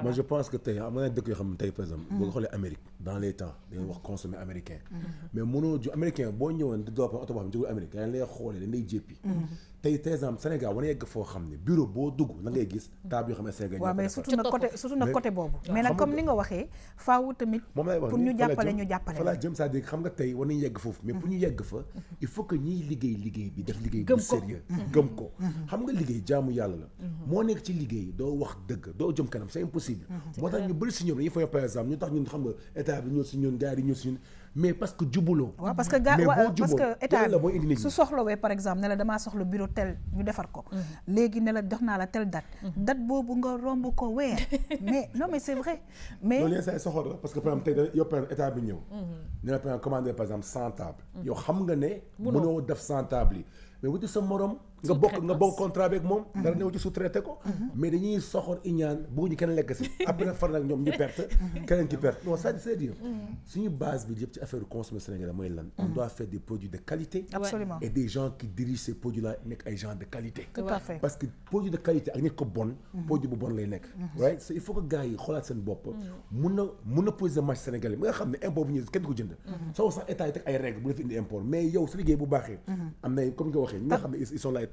Speaker 8: moi je
Speaker 2: pense que tey am na dëkk yoo xam ne tey par exemple boo xoolee Amérique dans les temps dañuy wax consommer américain mais mënoo ju américain boo ñëwoon di doopan oto boo xam ne jógul Amérique dañ lay xoolee dañ lay jéppi tey tey exemple Sénégal war na yegg foo xam ne bureau boo dugg la ngay gis taab yoo xam ne Sénégal waaw mais surtout
Speaker 1: nag côté surtout nag côté boobu mais nag comme ni nga waxee faaw tamit
Speaker 2: pour ñu jàppale ñu jàppale voilà jëm liggéey bi def liggéey gëm ko mm-hmm. mm-hmm. Mm-hmm. xam nga liggéey jaamu yàlla la moo nekk ci liggéey doo wax dëgg doo jëm kanam c'est impossible moo tax ñu bëri si ñoom dañuy fay par exemple ñu tax ñun xam nga état bi ñoo si ñun gars yi ñoo si ñun mais parce que du boulot parce que parce que état
Speaker 1: par exemple le bureau tel ñu défar ko. Mhm. légui ne la jox la tel date. Mhm. date bobu nga rombo ko mais non mais c'est vrai. mais
Speaker 2: soxor parce que par exemple état bi
Speaker 1: mhm.
Speaker 2: par commandé par exemple 100 tables. yo xam nga né def tables mais wuti morom nga bokk nga bokk contrat avec mom mm-hmm. dara new ci sous traiter ko mm-hmm. mais dañuy soxor bu bëgguñu kenn lekk ci mm-hmm. après far nag ñom ñu perte keneen ki perte non ça c'est dire suñu base bi yëpp ci affaire consommer sénégalais moy lan on doit faire des produits de qualité ah absolument et des gens qui dirigent ces produits là nekk ay gens de qualité tout à fait parce que produit de qualité ak nit ko bon produit bu bon lay nekk right so il faut que gars yi xoolaat seen bopp mëna na poser match sénégalais nga xamné ne import bu ñu kenn ko jënd soo sax état yi teg ay règles bu la fi indi import mais yow sa liggéey bu baaxee am na comme nga waxé nga xamné ils sont là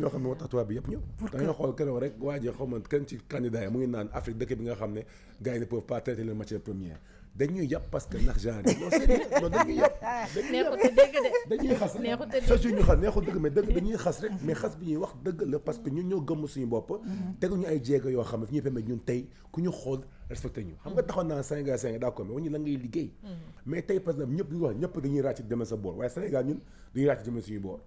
Speaker 2: ñoo xam ne moo tubaab bi yëpp ñëw dañoo xool keroog rek waa ji xaw kenn ci candidat yi mu ngi naan Afrique dëkk bi nga xam ne gars yi ne peuvent pas traiter les matières premières dañuy yàpp parce que ndax genre yi non sérieux non dañuy yàpp dëgg de dañuy xas rek sa suñu xas neexut dëgg mais dëgg dañuy xas rek mais xas bi ñuy wax dëgg la parce que ñun ñoo gëmm suñu bopp teguñu ay jéego yoo xam ne fi ñuy permettre ñun tey ku ñu xool respecté ñu xam nga taxoon naa Sénégal Sénégal d'accord mais wañu la ngay liggéey mais tey par exemple ñëpp ñu wax ñëpp dañuy ràcc demee sa boor waaye Sénégal ñun dañuy ràcc demee suñu boor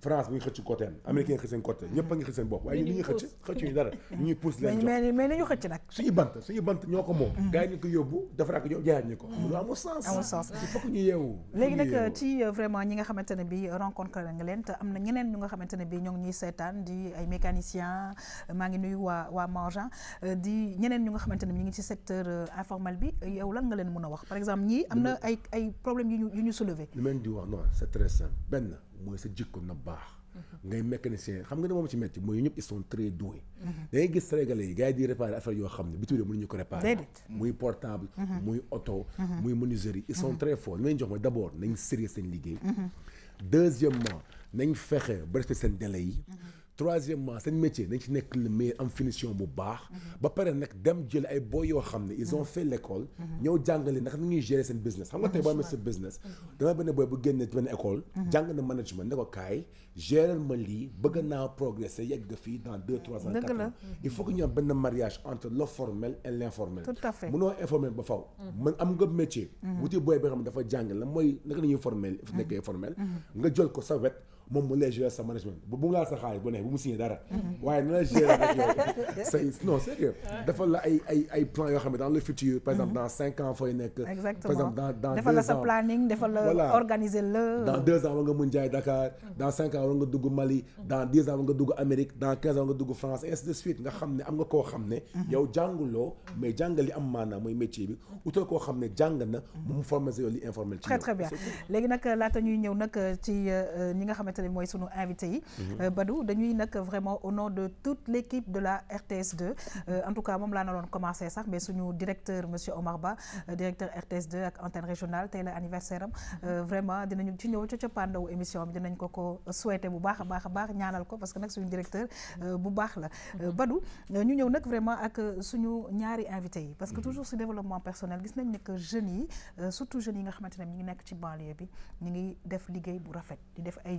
Speaker 2: France bu ngi xëcc côté am américain ngi xëcc seen côté ñëpp ngi xëcc seen bopp waaye ñu ñuy xëcc xëccuñu dara ñu ñuy pousse leen jox mais
Speaker 5: mais nañu xëcc nag suñu bant
Speaker 2: suñu bant ñoo ko moom mm. gars yi ñu ko yóbbu defaraat ko jaayaat ñu ko mm. lu amul sens amul sens il faut que ñu yeewu léegi nag
Speaker 1: ci euh, vraiment ñi nga xamante ne bi rencontré nga leen te am na ñeneen ñu nga xamante ne bi ñoo ngi ñuy seetaan di ay mécanicien euh, maa ngi nuyu waa waa Mangeant euh, di ñeneen ñu nga xamante ne bi ñu ngi ci secteur informel bi yow lan nga leen mën a wax par exemple ñii am na ay ay problèmes yu ñu
Speaker 2: yu ñu soulevé li meen di wax non c'est très simple benn mooy sa jikko na baax. ngay mécanicien xam nga ne moom ci métti mooy ñëpp ils sont très doués. da ngay gis Sénégalais yi gars yi di réparer affaire yoo xam ne bitim réew mënuñu ko réparer. muy portable. Mhm. muy oto. Mhm. muy menuiserie ils sont mhm. très forts li jox mooy d' abord nañ sérieux seen liggéey. deuxièmement nañ fexe ba respecté seen délai yi. troisièmement un métier qui le meilleur finition bu baax mhm. ba dem jël ils ont mhm. fait l'école ñeu nak ñuy gérer business xam nga tay boy le business dama boy bu école mhm. management le ko gérer ma bëgg progresser dans 2-3 ans il faut que ñu mariage entre le formel et l'informel tout à fait informel ba faw man am nga métier wuti boy bi xam dafa ñuy formel formel nga jël ko moom mu lay gérer sa management bu mu laal sa xaalis bu neex bu mu signé dara. waaye na la gérer ak yow
Speaker 8: say non c'est que
Speaker 2: defal la ay ay ay plans yoo xam ne dans le futur. par exemple dans cinq ans fooy nekk. exactement par exemple dans dans defal la sa
Speaker 1: planning defal la organiser le. dans
Speaker 2: deux ans war nga mun jaay Dakar. dans cinq ans war nga dugg Mali. dans dix ans war nga dugg Amérique dans quinze ans war nga dugg France et ainsi de suite nga xam ne am nga koo xam ne. Mhm. yow jànguloo mais jàngali am maanaam mooy métier bi utal koo xam ne jàng na mu former sa li informel. ci très très bien
Speaker 1: léegi nag laata ñuy ñëw nag euh, ci euh, euh, ñi nga xamante fàttali mooy sunu invité yi. Mhm. Euh, Badou dañuy nag vraiment au nom de toute l'équipe de la RTS 2 euh, en tout cas moom laa na doon commencé sax mais suñu directeur monsieur Omar Ba euh, directeur RTS 2 ak antenne régionale tey la anniversaire vraiment dinañu ci ñëw ca cappaandawu émission bi dinañ ko ko souhaité bu baax a baax ñaanal ko parce que nag suñu directeur bu baax la. Mhm. Badou ñu ñëw vraiment ak suñu ñaari invité yi. parce que mhm. toujours le développement personnel gis nañ ne que jeunes surtout jeunes yi nga xamante ne nekk ci banlieue bi ñu ngi def liggéey bu rafet di def ay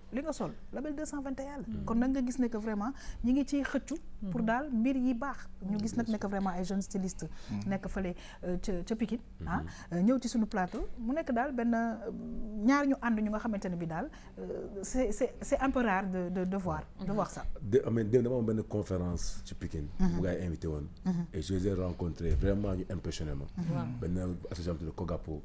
Speaker 1: li nga sol label 221 la hmm. kon nag nga gis nek que vraiment ñi ngi ci xëccu pour hmm. dal mbir yi baax ñu gis nak nek que vraiment ay jeunes stylistes hmm. nek fele euh, ca ca Pikine ah euh, ñëw ci suñu plateau mu nek dal ben euh, ñaar ñu and ñu nga xamante bi dal c'est c'est c'est un peu rare de de de voir de voir ça
Speaker 2: de amee ah, dém dama ben conférence ci Pikine mu invité woon et je les ai rencontrés vraiment ñu impressionné ma benn association de Kogapo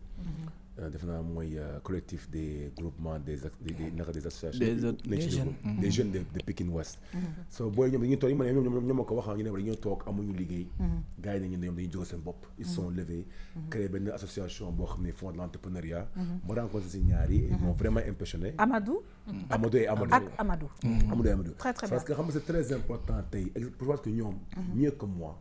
Speaker 2: euh, def naa euh, collectif des groupements des des naka des associations. des jeunes des mm-hmm. jeunes de de Pikine mm-hmm. so boy ñom dañuy toog ñu ma ñom ñoom ñoom ko wax ñu ne dañoo tok amuñu liggéey. Mm-hmm. gaay yi dañuy dañuy jóg seen bop ils sont levés. créer benn association bo xamné fond de l' entrepreneuriat. ma rencontré ñaar yi. ils m'ont vraiment impressionné.
Speaker 1: Amadou. Amadou et
Speaker 2: Amadou ak Amadou. Amadou Amadou. très très bien parce que xam nga c' très important tay pour voir que ñom mieux que moi.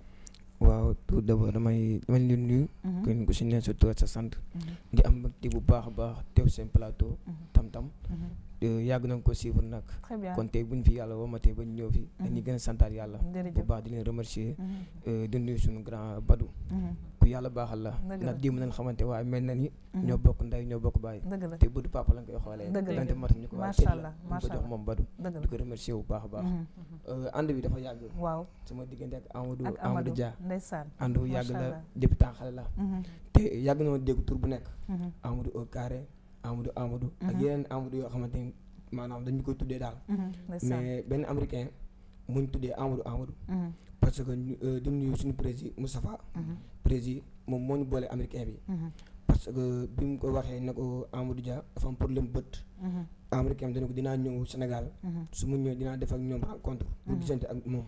Speaker 2: waaw tout d'abord
Speaker 11: damay damay leen nuyu. Mhm. kenn ku si ne sa tur sa sant. Mhm. di am mbégte bu baax a baax teew seen plateau. tam mhm. tam. yàgg nañ ko suivre nag kon tey buñ fi yàlla wamatee ba ñu ñëw fi dañuy mhm. gën a santaat yàlla bu baax di leen remercier mhm. euh, di nuyu suñu grand Badou mhm. ku yàlla baaxal la nag jéem nañ xamante waaye mel na ni ñoo bokk ndey ñoo bokk baay te bu du papa lañ koy xoolee dante mat ñu ko waaye teel la ñu ko jox moom Badou di ko remercier bu baax a baax euh, ànd bi dafa yàgg waaw diggante ak Amadou Amadou yàgg la depuis temps xale la te yàgg na dégg tur bu nekk Amadou Amadou Amadou. ak mhm. yeneen Amadou yoo xamante ni maanaam dañu koy tuddee daal. Mhm, mais benn américain muñ tuddee Amadou Amadou. Mhm. parce que euh, di nuyu suñu président Moustapha. président moom moo ñu boole américain bi. parce que bi mu ko waxee ne ko Amadou Dia dafa am problème bët. américain bi dana ko dinaa ñëw Sénégal. su mu ñëwee dinaa def ak ñoom rencontre. pour gisante ak moom.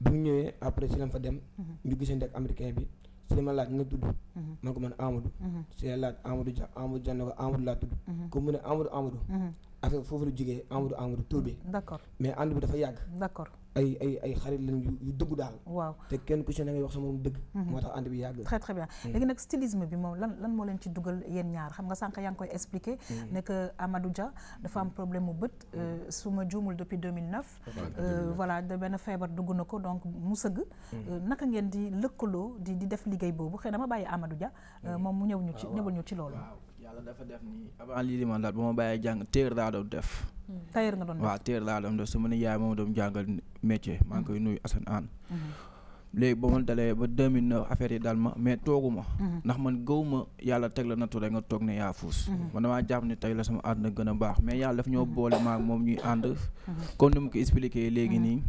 Speaker 11: bi mu ñëwee après si lañ fa dem. ñu gisante ak américain bi. su li laaj na tudd mhm. man ko man Amadou mhm. su la laaj Amadou Dia Amadou Dia ne ko Amadou laa tudd comme mu ne Amadou Amadou mhm. affaire foofu la jógee Amadou Amadou Touré. d'accord mais ànd bi dafa yàgg. d'accord ay ay ay xarit lañ yu dëggu daal. waaw te kenn ku ci ne ngay wax sama moom dëgg. Mhm. moo tax ànd bi yàgg. très très bien mm. léegi nag
Speaker 1: stylisme bi moom lan lan moo leen ci dugal yéen ñaar xam nga sànq yaa ngi koy expliquer. Mm. ne que Amadou Dia dafa am problème mu bët. Mm. Euh, su ma juumul depuis 2009. Euh, voilà de benn feebar dugg na ko donc mu sëgg. Euh, naka ngeen di lëkkaloo di di def liggéey boobu xëy na ma bàyyi Amadou Dia. moom mu ñëw ñu ci ah, ñëwal ñu ci loolu. yàlla dafa
Speaker 9: def ni avant lii li man daal ba ma bàyyee jàng téer laa doon def.
Speaker 1: Hmm. téer nga doon def waaw
Speaker 9: téer laa doon def su ma ne yaay moom doon jàngal métier maa ngi koy nuyu Assane Anne. Hmm. léegi ba ma dalee ba 2009 affaire yi daal ma mais toogu ma. Hmm. ndax man gëw ma yàlla teg la nattu rek nga toog ne yaa fuus. man damaa jàpp ne tey la sama àdduna gën a baax mais yàlla daf ñoo boole maag moom ñuy ànd. comme ni mu ko expliqué léegi nii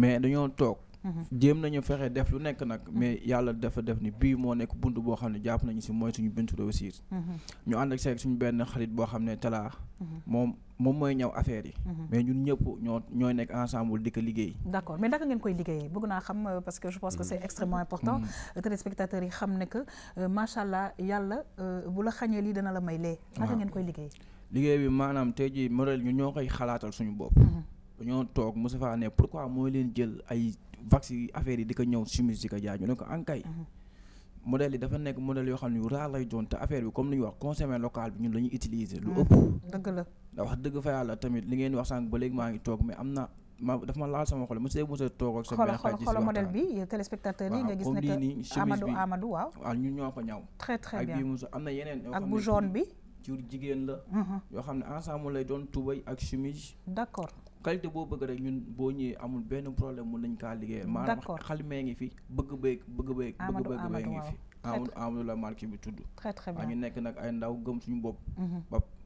Speaker 9: mais dañoo toog. Mhm. jéem nañu fexe def lu nekk nag mhm. mais yàlla dafa def ni bii moo nekk bunt boo xam ne jàpp nañu si mooy suñu buntu réussir mhm. ñu ànd ak seeg suñu benn xarit boo xam ne talaa moom moom mooy ñëw affaire yi mais ñun ñëpp ñoo ñooy nekk ensemble di ko liggéey
Speaker 1: d'accord mais naka ngeen koy liggéey bëgg naa xam euh, parce que je pense que mm. c'est extrêmement important mm. euh, téléspectateurs yi xam ne que euh, macha allah yàlla bu la xañee lii dana la may lee naka ngeen koy liggéey
Speaker 9: liggéey bi maanaam tey jii modèle ñu ñoo koy xalaatal suñu bopp dañoo toog Moustapha ne pourquoi mooy leen jël ay vax yi affaire yi di ko ñëw simis di ko jaay ñu ne ko ankay mhm. modèle yi dafa nekk modèle yoo xam ne yu raa lay doon te affaire bi comme li ñuy wax bi ñun la mhm. tamit li ngeen wax sànq ba léegi maa ngi ma dafa toog ak sa benn xaj ci xoolal modèle
Speaker 1: bi waaw
Speaker 9: waaw ñoo ko ñaw très très bien ak na yeneen ak bu jaune bi jur jigéen la mhm. yoo xam ne ensemble lay doon tubay ak chemise d'accord qualité boo bëgg rek ñun boo ñëwee amul benn problème mun nañ kaa liggéeyal. maanaam xalimee ngi fi bëgg bëgg bëgg bëgg. Amadou Amadou bëgg bëgg ngi fi. amul Amadou la marque bi tudd. très très bien ñu nekk nag ay ndaw gëm suñu bopp.
Speaker 1: Mhm.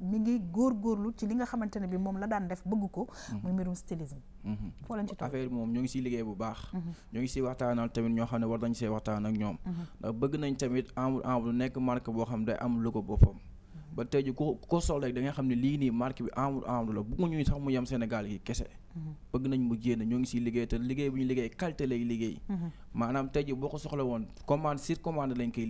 Speaker 1: mi ngi góorgóorlu ci li nga xamante ne bi moom la daan def bëgg ko mhm. muy mbirum stylisme mhm. foo leen ci toog
Speaker 9: affaire moom ñoo ngi siy liggéey bu baax mhm. ñoo ngi siy waxtaanal tamit ñoo xam ne war nañ see waxtaan ak ñoom ndax bëgg nañ tamit Amadou Amadou nekk marque boo xam ne day am lu boppam ba tey ji ku ko sol rek da nga xam ne lii nii marque bi Amadou Amadou la bëggu ñu sax mu yem Sénégal yi kese bëgg nañ mu génn ñoo ngi siy liggéey te liggéey bu ñu liggéey qualité lay liggéey maanaam tey ji boo ko soxla woon commande sur commande lañ koy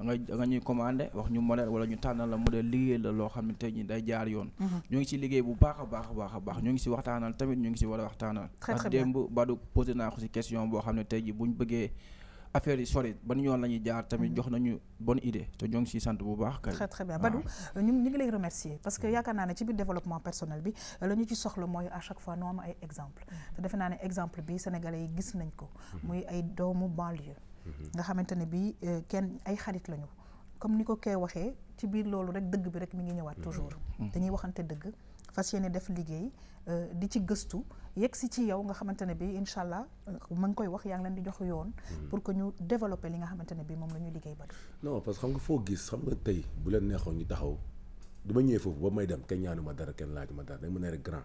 Speaker 9: nga nga ñuy commandé wax ñu model wala ñu tànnal la modèle liggéey la loo xam ne tey ñi day jaar yoon mm-hmm. ñoo ngi si liggéey bu baax a baax a baax a baax ñoo ngi si waxtaanal tamit ñu ngi si war a waxtaanal ak démb Badou posé naa ko si question boo xam ne tey ji buñ bëggee affaire yi sori ban yoon la ñuy jaar tamit mm-hmm. jox nañu bonne idée te ñoo ngi siy sant bu baax. très très bien ah. Badou
Speaker 1: euh, ñu ñu ngi lay remercier parce que yaakaar naa ne ci biir développement personnel bi euh, la ñu ci soxla mooy à chaque fois noo am ay exemple mm. te defe naa ne exemple bi sénégalais yi gis nañ ko. Mm-hmm. muy ay doomu banlieue. nga xamante ne bii euh, kenn ay xarit lañu comme ni ko koy waxee ci biir loolu rek dëgg bi rek mi ngi ñëwaat mm-hmm. toujours mm-hmm. dañuy waxante dëgg fas yéene def liggéey euh, di ci gëstu yegg si ci yow nga xamante ne bi incha allah euh, ma ngi koy wax yaa ngi leen di jox yoon mm-hmm. pour que ñu développer li nga xamante ne bi moom la ñuy liggéey ba
Speaker 2: non parce que xam nga foo gis xam nga tey bu leen neexoon ñu taxaw du ma ñëwee foofu ba may dem kenn ñaanu ma dara kenn laaju ma dara dañ mën a rek grand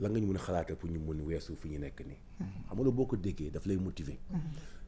Speaker 2: la nga ñu mën a xalaatee pour ñu mun weesu fi ñu nekk nii xam nga boo ko déggee daf lay motiver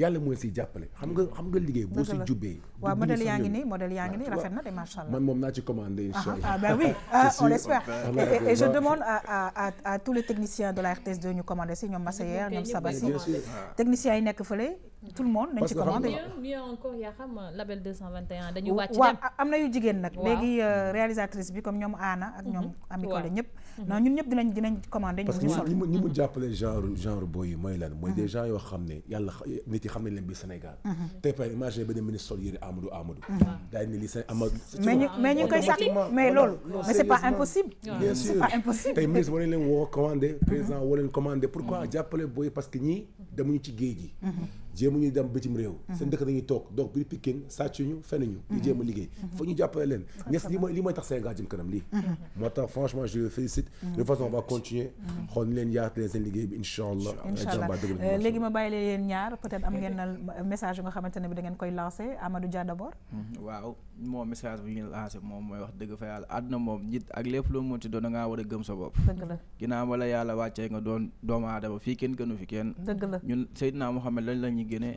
Speaker 2: yàlla mooy si jàppale xam nga xam nga liggéey boo si jubbee waaw modèle yaa ngi nii
Speaker 1: modèle yaa ngi nii ah, rafet na de macha allah man
Speaker 2: moom naa ci commandé incha ah, allah ah ben oui ah, on l'espère et je
Speaker 1: demande à à à tous les techniciens de la RTS2 ñu commandé si ñoom Massayer ñoom Sabassi techniciens yi nekk fële tout le monde nañ ci commandé
Speaker 3: mieux encore yaa xam euh, label 221 dañu wàcc dem waaw
Speaker 1: am na yu jigéen nag léegi euh, réalisatrice bi comme ñom ana ak ñom mhm. Ami Collé ñëpp mhm. non ñun ñep dinañ dinañ commandé ñu parce que ñi mu
Speaker 2: jappalé genre genre boy moy mooy lan mooy mhm. des gens yo xamné yalla yàlla nit yi xam nañ leen bi Sénégal tey par imagine benn ministre yéré Amadou Amadou daa ni li seen Amadou mais ñu koy sax mais loolu mais c'est pas impossible bien sûr c'est pas impossible tey ministre war nañ leen woo commandé président war leen commandé pourquoi jappalé boy parce que ñi demuñu ci géej gi jéem ñuy dem bitim réew mhm. seen dëkk dañuy toog donc biir Pikine sàccuñu fenuñu di mhm. jéem a liggéey mhm. fa ñu jàppale leen ñes li mooy li mooy tax Sénégal jëm kanam lii moo tax franchement je le félicite de façon on continuer xool ni leen yaatu seen liggéey bi incha allah incha allah
Speaker 1: léegi ma bàyyi leen ñaar peut-être am ngeen message yu nga xamante bi da koy lancé Amadou Dia
Speaker 9: moom message bu ñu lancé moom mooy wax dëgg fa yàlla àdduna moom nit ak lépp loo mënti doon da war a gëm sa bopp dëgg la ginnaaw wala yàlla wàccee nga doon doomu aadama fii kenn gënu fi kenn dëgg la ñun Seydina Muhammad lañ la ñuy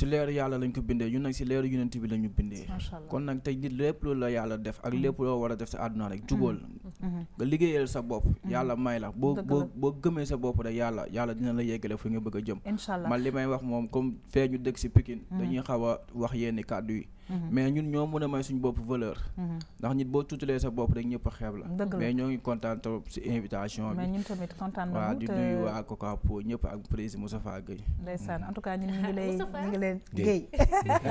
Speaker 9: si leeru yàlla lañ ko bindee ñun nag si leeru yonent bi la ñu bindee kon nag tey nit lépp loolu la yàlla def ak lépp loo war a def sa àdduna rek jubóol
Speaker 1: mm-hmm. mm-hmm.
Speaker 9: nga liggéeyal sa bopp mm-hmm. yàlla may la boo boo boo gëmee sa bopp rek yàlla yàlla la yeggale fu nga bëgg a jëm man li may a wax yenn kàddu yi Mm-hmm. mais ñun ñoo mën a may suñu bopp valeur mm-hmm. ndax nit boo tuutalee sa bopp rek ñëpp a xeeb la mais ñoo ngi kontaan trop si invitation bi ñun
Speaker 1: tamit kontaan waaw di nuyu waa
Speaker 9: Kokapo ñëpp ak président Moustapha Gueye
Speaker 1: ndeysaan en tout cas ñun ñu ngi lay ñu ngi leen Gueye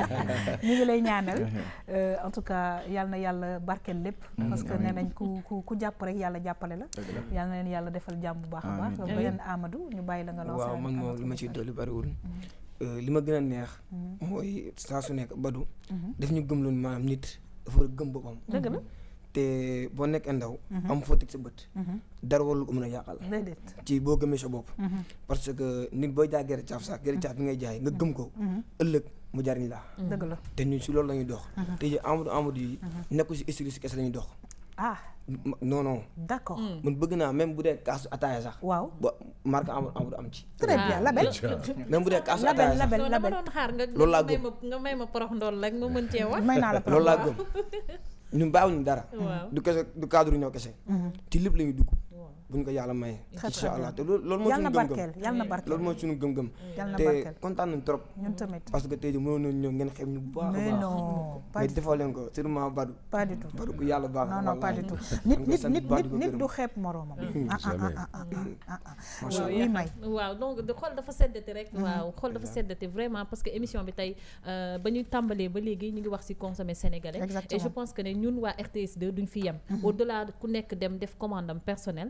Speaker 1: ñu ngi lay ñaanal euh, en tout cas yal na yàlla barkeel lépp mm-hmm. parce que nee nañ ku ku ku jàpp rek yàlla jàppale la yal na leen yàlla defal jàmm bu baax a baax la nga moom
Speaker 11: li ma ci dolli bariwul Euh, li ma gën a neex. Mhm. mooy saa su nekk Badou. Mhm. daf ñu gëm loon maanaam nit dafa gëm boppam. dëgg la te boo nekkee ndaw. Mhm. am foo teg sa bët. dara warul ko mën a yàqal. ci boo gëmee sa bopp. parce que nit booy jaay gerte caaf sax gerte caaf bi ngay jaay nga gëm ko. ëllëg mu jariñ la te ñun si loolu la dox. te ji amadu yi. nekku si istri kese la dox. Ah. non non.
Speaker 1: d' accord hmm. man
Speaker 11: bëgg naa même bu dee kaasu ataaya sax. waaw ba marque amul amul am ci. très bien ah, label. même bu dee kaasu ataaya sax label label
Speaker 3: doon xaar nga. loolu laa gëm nga may ma porox ndool rek ma mën cee wax. may naa la porox loolu laa gëm.
Speaker 11: ñun bàyyiwuñu dara. du kese du cadre ñoo kese. Hmm. ci lépp la dugg. buñ ko yàlla maye incha allah te loolu loolu moo suñu gëm-gëm loolu moo suñu gëm-gëm mm, te kontaan nañ trop ñun tamit parce que tey jii mënoon nañ ñëw ngeen xeeb ñu bu baax a
Speaker 8: baax
Speaker 11: mais defoo leen ko sûrement Badou pas du tout Badou ku yàlla baax non non pas du tout nit nit nit nit du
Speaker 1: xeeb moroomam
Speaker 8: oui may
Speaker 3: waaw donc de xol dafa seddate rek mm. waaw xol dafa seddate vraiment parce que émission bi tey euh, ba ñu tàmbalee ba léegi ñu ngi wax ci consommer sénégalais et je pense que ne ñun waa RTS 2 duñ fi yem mm-hmm. au delà ku nekk dem def commande am personnel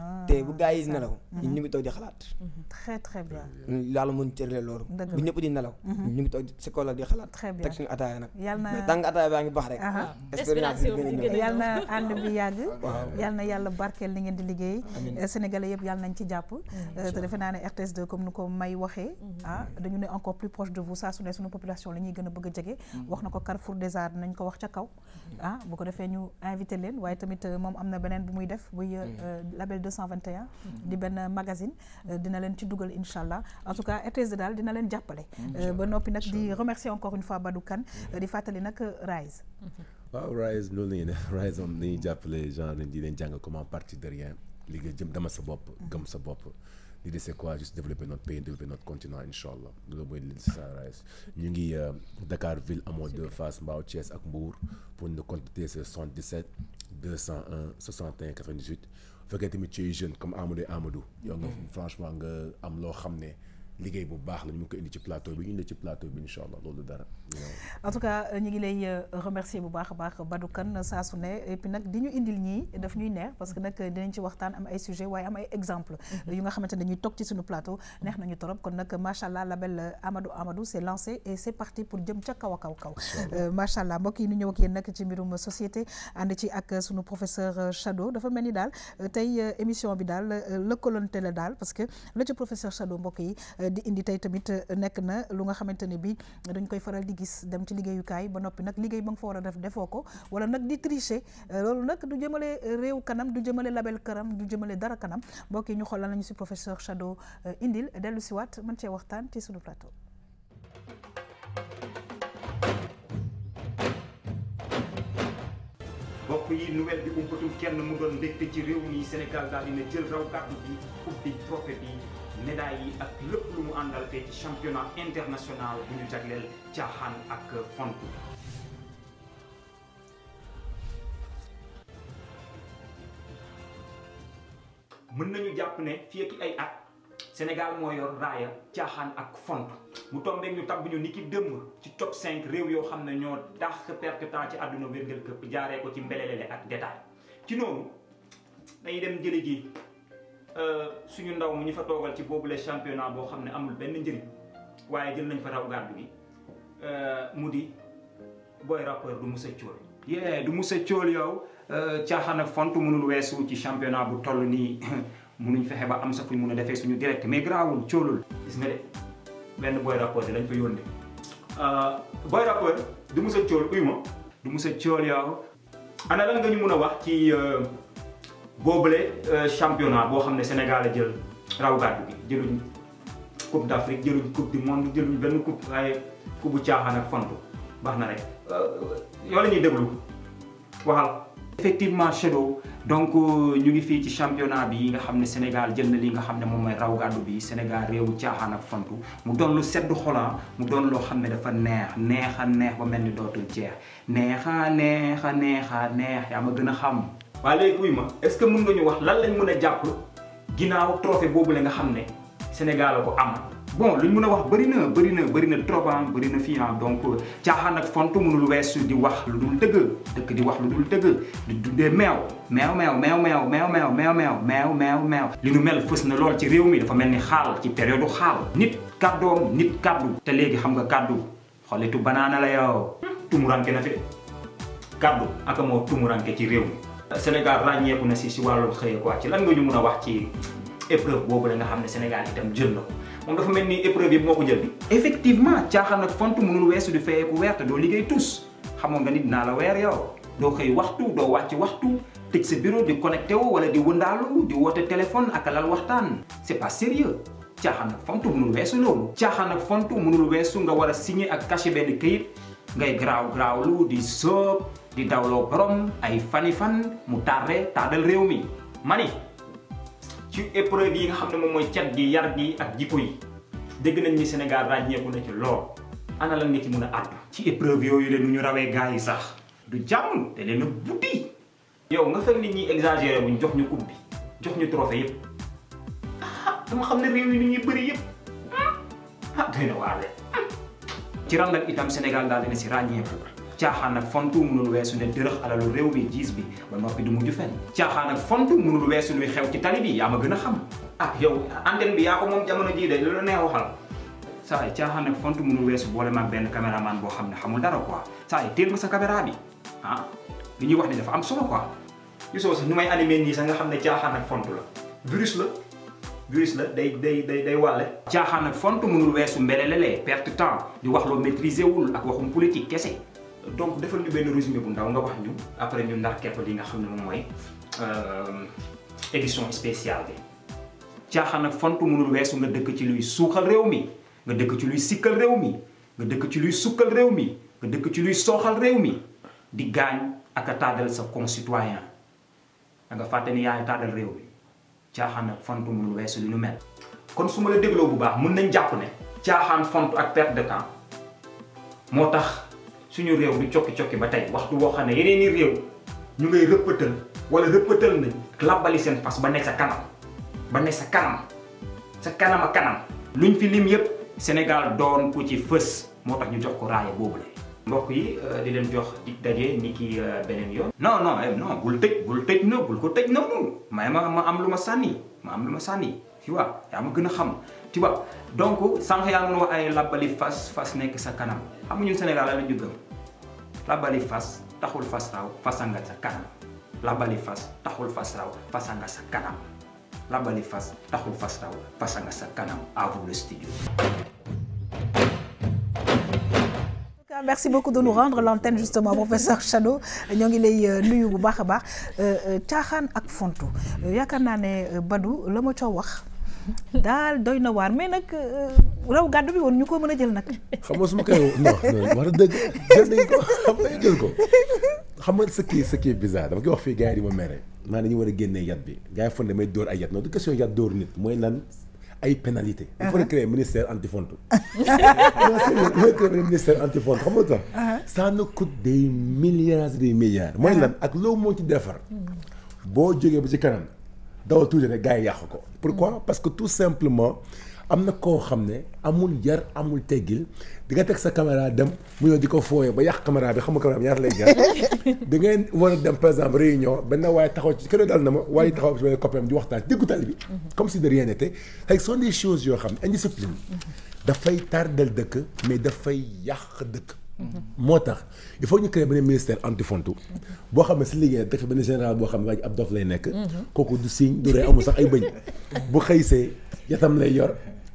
Speaker 1: Ah, té
Speaker 11: bu gars yi nelaw. Mm-hmm. ñu ngi tok di xalaat.
Speaker 1: Mm-hmm. très très bien.
Speaker 11: Mm, yàlla mën cërale loolu. bu ñëpp di nelaw. Mm-hmm. ñu ngi tok ci kaw la di xalaat. très bien teg suñu ataaya nak yal na mais tàng ataaya baa ngi baax rek. espérance bi gën a ñëw yal na
Speaker 1: ànd bi yàgg. yalla na yàlla barkeel li ngeen di liggéey. Eh, Sénégalais yëpp yal nañ ci japp eh, te defe naa ne RTS2 comme nuko May waxé ah dañu né encore plus proche de vous ça su ne suñu population la ñuy gën bëgg a wax nako Carrefour des Arts nañ ko wax ca kaw. ah bu ko défé ñu invité leen waye tamit euh, mom amna benen bu muy def bu euh, euh, label 221. di ben magazine euh, dina len ci dugal Inshallah en tout cas RTS dal dina len jappalé euh, ba nopi nak di remercier encore une fois Badou Kane euh, di fatali nak Rise.
Speaker 2: waaw Rise nous la Rise on ni jappalé genre di len jang comment partir de rien liggéey jëm dama sa bop mm. gëm sa bopp. L'idée c'est quoi Juste développer notre pays, développer notre continent, Inch'Allah. C'est ça, Raïs. Nous sommes euh, Dakar, ville, à deux face Mbao, Thiès pour nous contacter c'est 77 201 61 98. fekkee tamit ci jeune comme Amadou Amadou. yow nga franchement nga eh, am lo xamné liggéey bu baax la ñu ko indi ci plateau bi ñu indi ci plateau bi incha allah loolu dara.
Speaker 1: en tout cas ñu ngi lay euh, remercier bu baax a baax Badou Kane saa su ne et puis nag di ñu indil ñii daf ñuy neex parce que nag euh, dinañ ci waxtaan am ay sujet waaye am ay exemple mm-hmm. yu nga xamante dañuy toog ci suñu plateau neex nañu torop kon nag macha allah label euh, Amadou Amadou c' est lancé et c' est parti pour jëm ca kaw a kaw kaw. macha allah mbokk yi ñu ñëw ak yéen nag ci mbirum société ànd ci ak suñu professeur Shadow dafa mel ni daal tey émission bi daal lëkkalante la daal parce que la ci professeur Shadow mbokk yi di indi tey tamit eh, nekk na lu nga xamante ne bi dañ koy faral di gis dem ci liggéeyukaay ba noppi nag liggéey ba nga fa war a def defoo ko wala nag di tricher eh, loolu nag du jëmale réew kanam du jëmale label kanam du jëmale dara kanam mbokk yi ñu xool lan lañu si professeur Shadow eh, indil dellu si mën cee waxtaan ci suñu plateau
Speaker 12: kenn mu doon mbégte ci réew mi Sénégal daal dina jël raw gàddu bi ubbi trophée bi médailles yi ak lépp lu mu àndal tey ci championnat international bu ñu jagleel caaxaan ak fontu. nañu jàpp ne fii ay at Sénégal moo yor raaya ak fontu mu tombé ñu tabb ñu ni ki démb ci top 5 réew yoo xam ne ñoo dax perte ci àdduna wérgal këpp jaaree ko ci mbelelele ak détail ci noonu dañuy dem jële ji. Euh, suñu ndaw mu ñu fa toogal ci boobule championnat boo xam ne amul benn njëriñ waaye jël nañ fa raw gàddu gi euh, mu di booy rappeur du Moussa Thiol. yee du Moussa Thiol yow euh, caaxaan ak font mënul weesu ci championnat bu toll nii nuñ fexe ba am sa fuñ mun a defee suñu direct mais garaawul coolul. gis nga de benn booy rappeur de lañ fa yónnee booy rappeur du Moussa Thiol uy ma du Moussa Thiol yow. ana lan nga ñu mun a wax ci. boobule euh, championnat bo xamné Sénégal a jël raw gàddu gi jëluñ coupe d'afrique Afrique jëluñ coupe du monde jëluñ benn coupe waaye coupe bu caaxaan ak fontu baxna rek euh, yo la ñuy déglu waxal. effectivement Shadow donc euh, ñu ngi fi ci championnat bi nga xamné Sénégal jël na li nga xamné mom moy mooy raw gàddu bi Sénégal réewu caaxaan ak fontu mu don lu sedd xolan mu don lo xamné dafa neex neex a neex ba melni ni dootul jeex neex a neex neex ya ma gëna xam. waaye léegi uy ma est ce que mën nga ñu wax lan lañ mën a jàpp ginnaaw trophée boobu la nga am bon luñ mën a wax bëri na bëri na bëri na trop bëri na fii donc caaxaan ak font mënul di wax lu dul dëgg dëkk di wax lu dul dëgg di tuddee meew meew meew meew meew meew meew meew meew meew meew meew li nu mel fës na lool ci réew mi dafa mel hal, xaal ci période xaal nit kàddoom nit kàddu te léegi xam nga kàddu xollitu banaana la yow tumuranke na fi kàddu ak moo tumuranke ci réew mi Sénégal ko na ci ci walu xëy quoi ci lan nga ñu mëna wax ci épreuve bobu la nga xamné Sénégal itam jël na mom dafa melni épreuve yi moko jël bi effectivement caaxaan ak fontu mënul wessu di fayeeku weer te doo liggéey tous xamoon nga nit na la weer yow do xey waxtu do wacc waxtu tek ci bureau di connecté wo wala di wundalu di wote téléphone ak lal waxtaan c'est pas sérieux caaxaan ak fontu mënul wessu loolu caaxaan ak fontu mënul wessu nga wara signer ak cacher ben këyit ngay graw lu di sop di dawloo borom ay fani fan mu tardé tardal réew mi ma ci épreuve yi nga xam ne moom mooy cat gi yar gi ak jikko yi dégg nañ ñi Sénégal ràññeeku na ci lool ana lan nga ci a àddu ci épreuve yooyu la nu ñu rawee gaa yi sax du jàmm te leen a buddi yow nga fekk nit ñi exagéré buñ jox ñu coupe bi jox ñu trophée yëpp ah dama xam ne réew yi ni ñuy bëri yëpp ah doy na waar ci ràngal itam Sénégal daal dina si ràññeeku caaxaan ak fontu mënul wessu ne ala lu rew bi jiss bi ba noppi du mujj fenn caaxaan ak fontu mënul wessu ni xew ci tali bi ya ma xam ah yow antenne bi ya ko mom jamono ji de lu la neew xal saa yi ak fontu mënul wessu boole maag benn caméraman boo xam ne xamul dara quoi saa yi téel ma sa caméra bi ha ah, li ñuy wax ni dafa am solo quoi yu so nu may animé ni sa nga xamne ne ak fontu la virus la virus la day day day day walé caaxaan ak fontu mënul weesu mbelelelee perte temps di wax lo maîtriser wul ak waxum politique kessé donc defal ñu ben résumé bu ndaw nga wax ñu après ñu ndar képp li nga xam mom moy euh édition spéciale bi ci xana fontu mënul wessu nga dëkk ci luy suuxal réew mi nga dëkk ci luy sikkal réew mi nga dëkk ci luy sukkal réew mi nga dëkk ci luy soxal réew mi di gañ ak a taadal sa concitoyen nga faté ni yaay taadal réew mi ci xana fontu mënul wessu li ñu mel kon suma la dégloo bu baax mën nañ né ci xana fontu ak perte de temps motax suñu réew di cokki cokki ba tay waxtu bo xam yeneeni réew ñu ngay reppetal wala reppetal nañ labbali seen fas ba nek sa kanam ba nek sa kanam sa kanam a kanam luñ fi lim yépp sénégal doon ku ci fës motax ñu jox ko raaya boobule mbokk yi euh, di leen jox dig dajé ni ki euh, no yoon non non eh, non bul tej bul tej na bul ko tej na may ma ma am lu sanni ma am lu sanni ci wa ya ma gëna xam ci wa donc sank yaa ngi wax ay labali fas fas nek sa kanam xam nga ñun Sénégal la ñu gëm labali fas taxul fas raw fasanga sa kanam labali fas taxul fas raw fasanga sa kanam labali fas taxul fas raw fasanga sa kanam à vous le studio.
Speaker 1: merci beaucoup de nous rendre l'antenne justement professeur Chano ñoo ngi lay euh, nuyu bu baax a baax euh, euh, caaxaan ak fontu yaakaar naa ne Badou la wax. daal doy na waar mais nag euh, raw gàddu bi woon ñu ko mën a jël nag.
Speaker 2: xam nga su ma koy non non dëgg jël nañ ko xam nga jël ko xam nga dama koy wax fii gars yi di ma mere maa ñu war a génnee yat bi gars yi fon damay dóor ay yat non du question yat dóor nit mooy lan. ay pénalité il faut uh-huh. ministère antifonte mooy créer ministère antifonte xam nga tax uh-huh. ça nous coûte des milliards des milliards mooy uh-huh. lan ak loo moo ci defar boo jógee bi ci kanam dawal toujours rek gars yi yàq ko pourquoi mm. parce que tout simplement am na koo xam ne amul yar amul teggil di nga teg sa caméra dem mu ñëw di ko fooyee ba yàq caméra bi xam nga caméra bi ñaata lay jar da ngay war a dem par exemple réunion benn waaye taxaw ci kenn dal na ma waaye taxaw ci benn copain di waxtaan déggu tali bi mm-hmm. comme si de rien était ce sont des choses yoo xam ne indiscipline
Speaker 8: mm-hmm.
Speaker 2: dafay tardel dëkk mais dafay yàq dëkk moo tax il faut ñu créer benn ministère antifontu boo xam ne si liggéey ba benn général boo xam ne waa ji ab dof lay nekk mhm. kooku du signe du rey amul sax ay bëñ bu xëysee yatam lay yor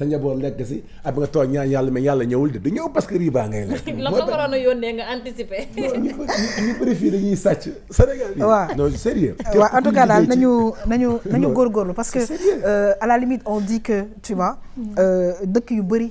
Speaker 2: sa njaboot lekk si ab nga toog ñaan yàlla mais yàlla ñëwul de du ñëw parce que riba ngay lekk.
Speaker 3: la ko waroon a yónnee nga anticiper. ñu
Speaker 2: ñu préféré ñuy sàcc Sénégal yi. waaw non sérieux waaw en tout cas daal nañu nañu nañu
Speaker 1: góorgóorlu parce que euh, à la limite on dit que tu mm. euh, dëkk yu bëri.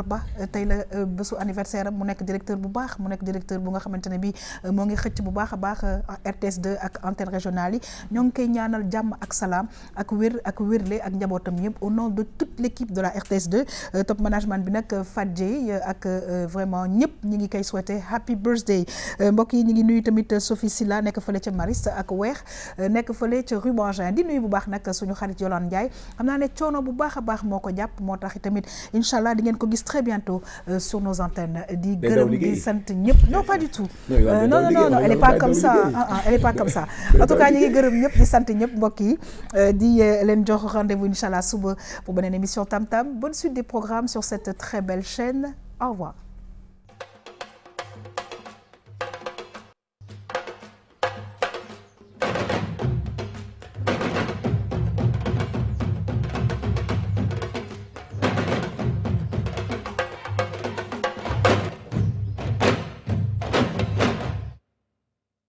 Speaker 1: Omar euh, la euh, bésu anniversaire mu nek directeur bu baax mu nek directeur bu nga xamantene bi euh, mo ngi xëc bu baax baax RTS 2 ak antenne régionale yi ñoo ngi koy ñaanal jamm ak salam ak wér ak wérle ak njabootam yëpp au nom de toute l'équipe de la RTS 2 top management bi nak ak vraiment ñëpp ñi ngi koy souhaiter happy birthday mbokk yi ñi ngi nuyu tamit Sophie Silla nek fële ci Mariste ak Weex nek fële ci rue Bangin di nuyu bu baax nak suñu xarit Yolande Ndiaye xam né choono bu baax baax moko japp motax tamit inshallah di ngeen ko gis très bientôt euh, sur nos antennes Dit di non pas du tout non euh, non non ah, ah, elle est pas comme ça elle est pas comme ça en tout cas ñu ngi ñëpp di Sante ñëpp mbokk yi euh, di leen jox rendez-vous Inch'Allah, suba pour une émission Tam Tam bonne suite des programmes sur cette très belle chaîne au revoir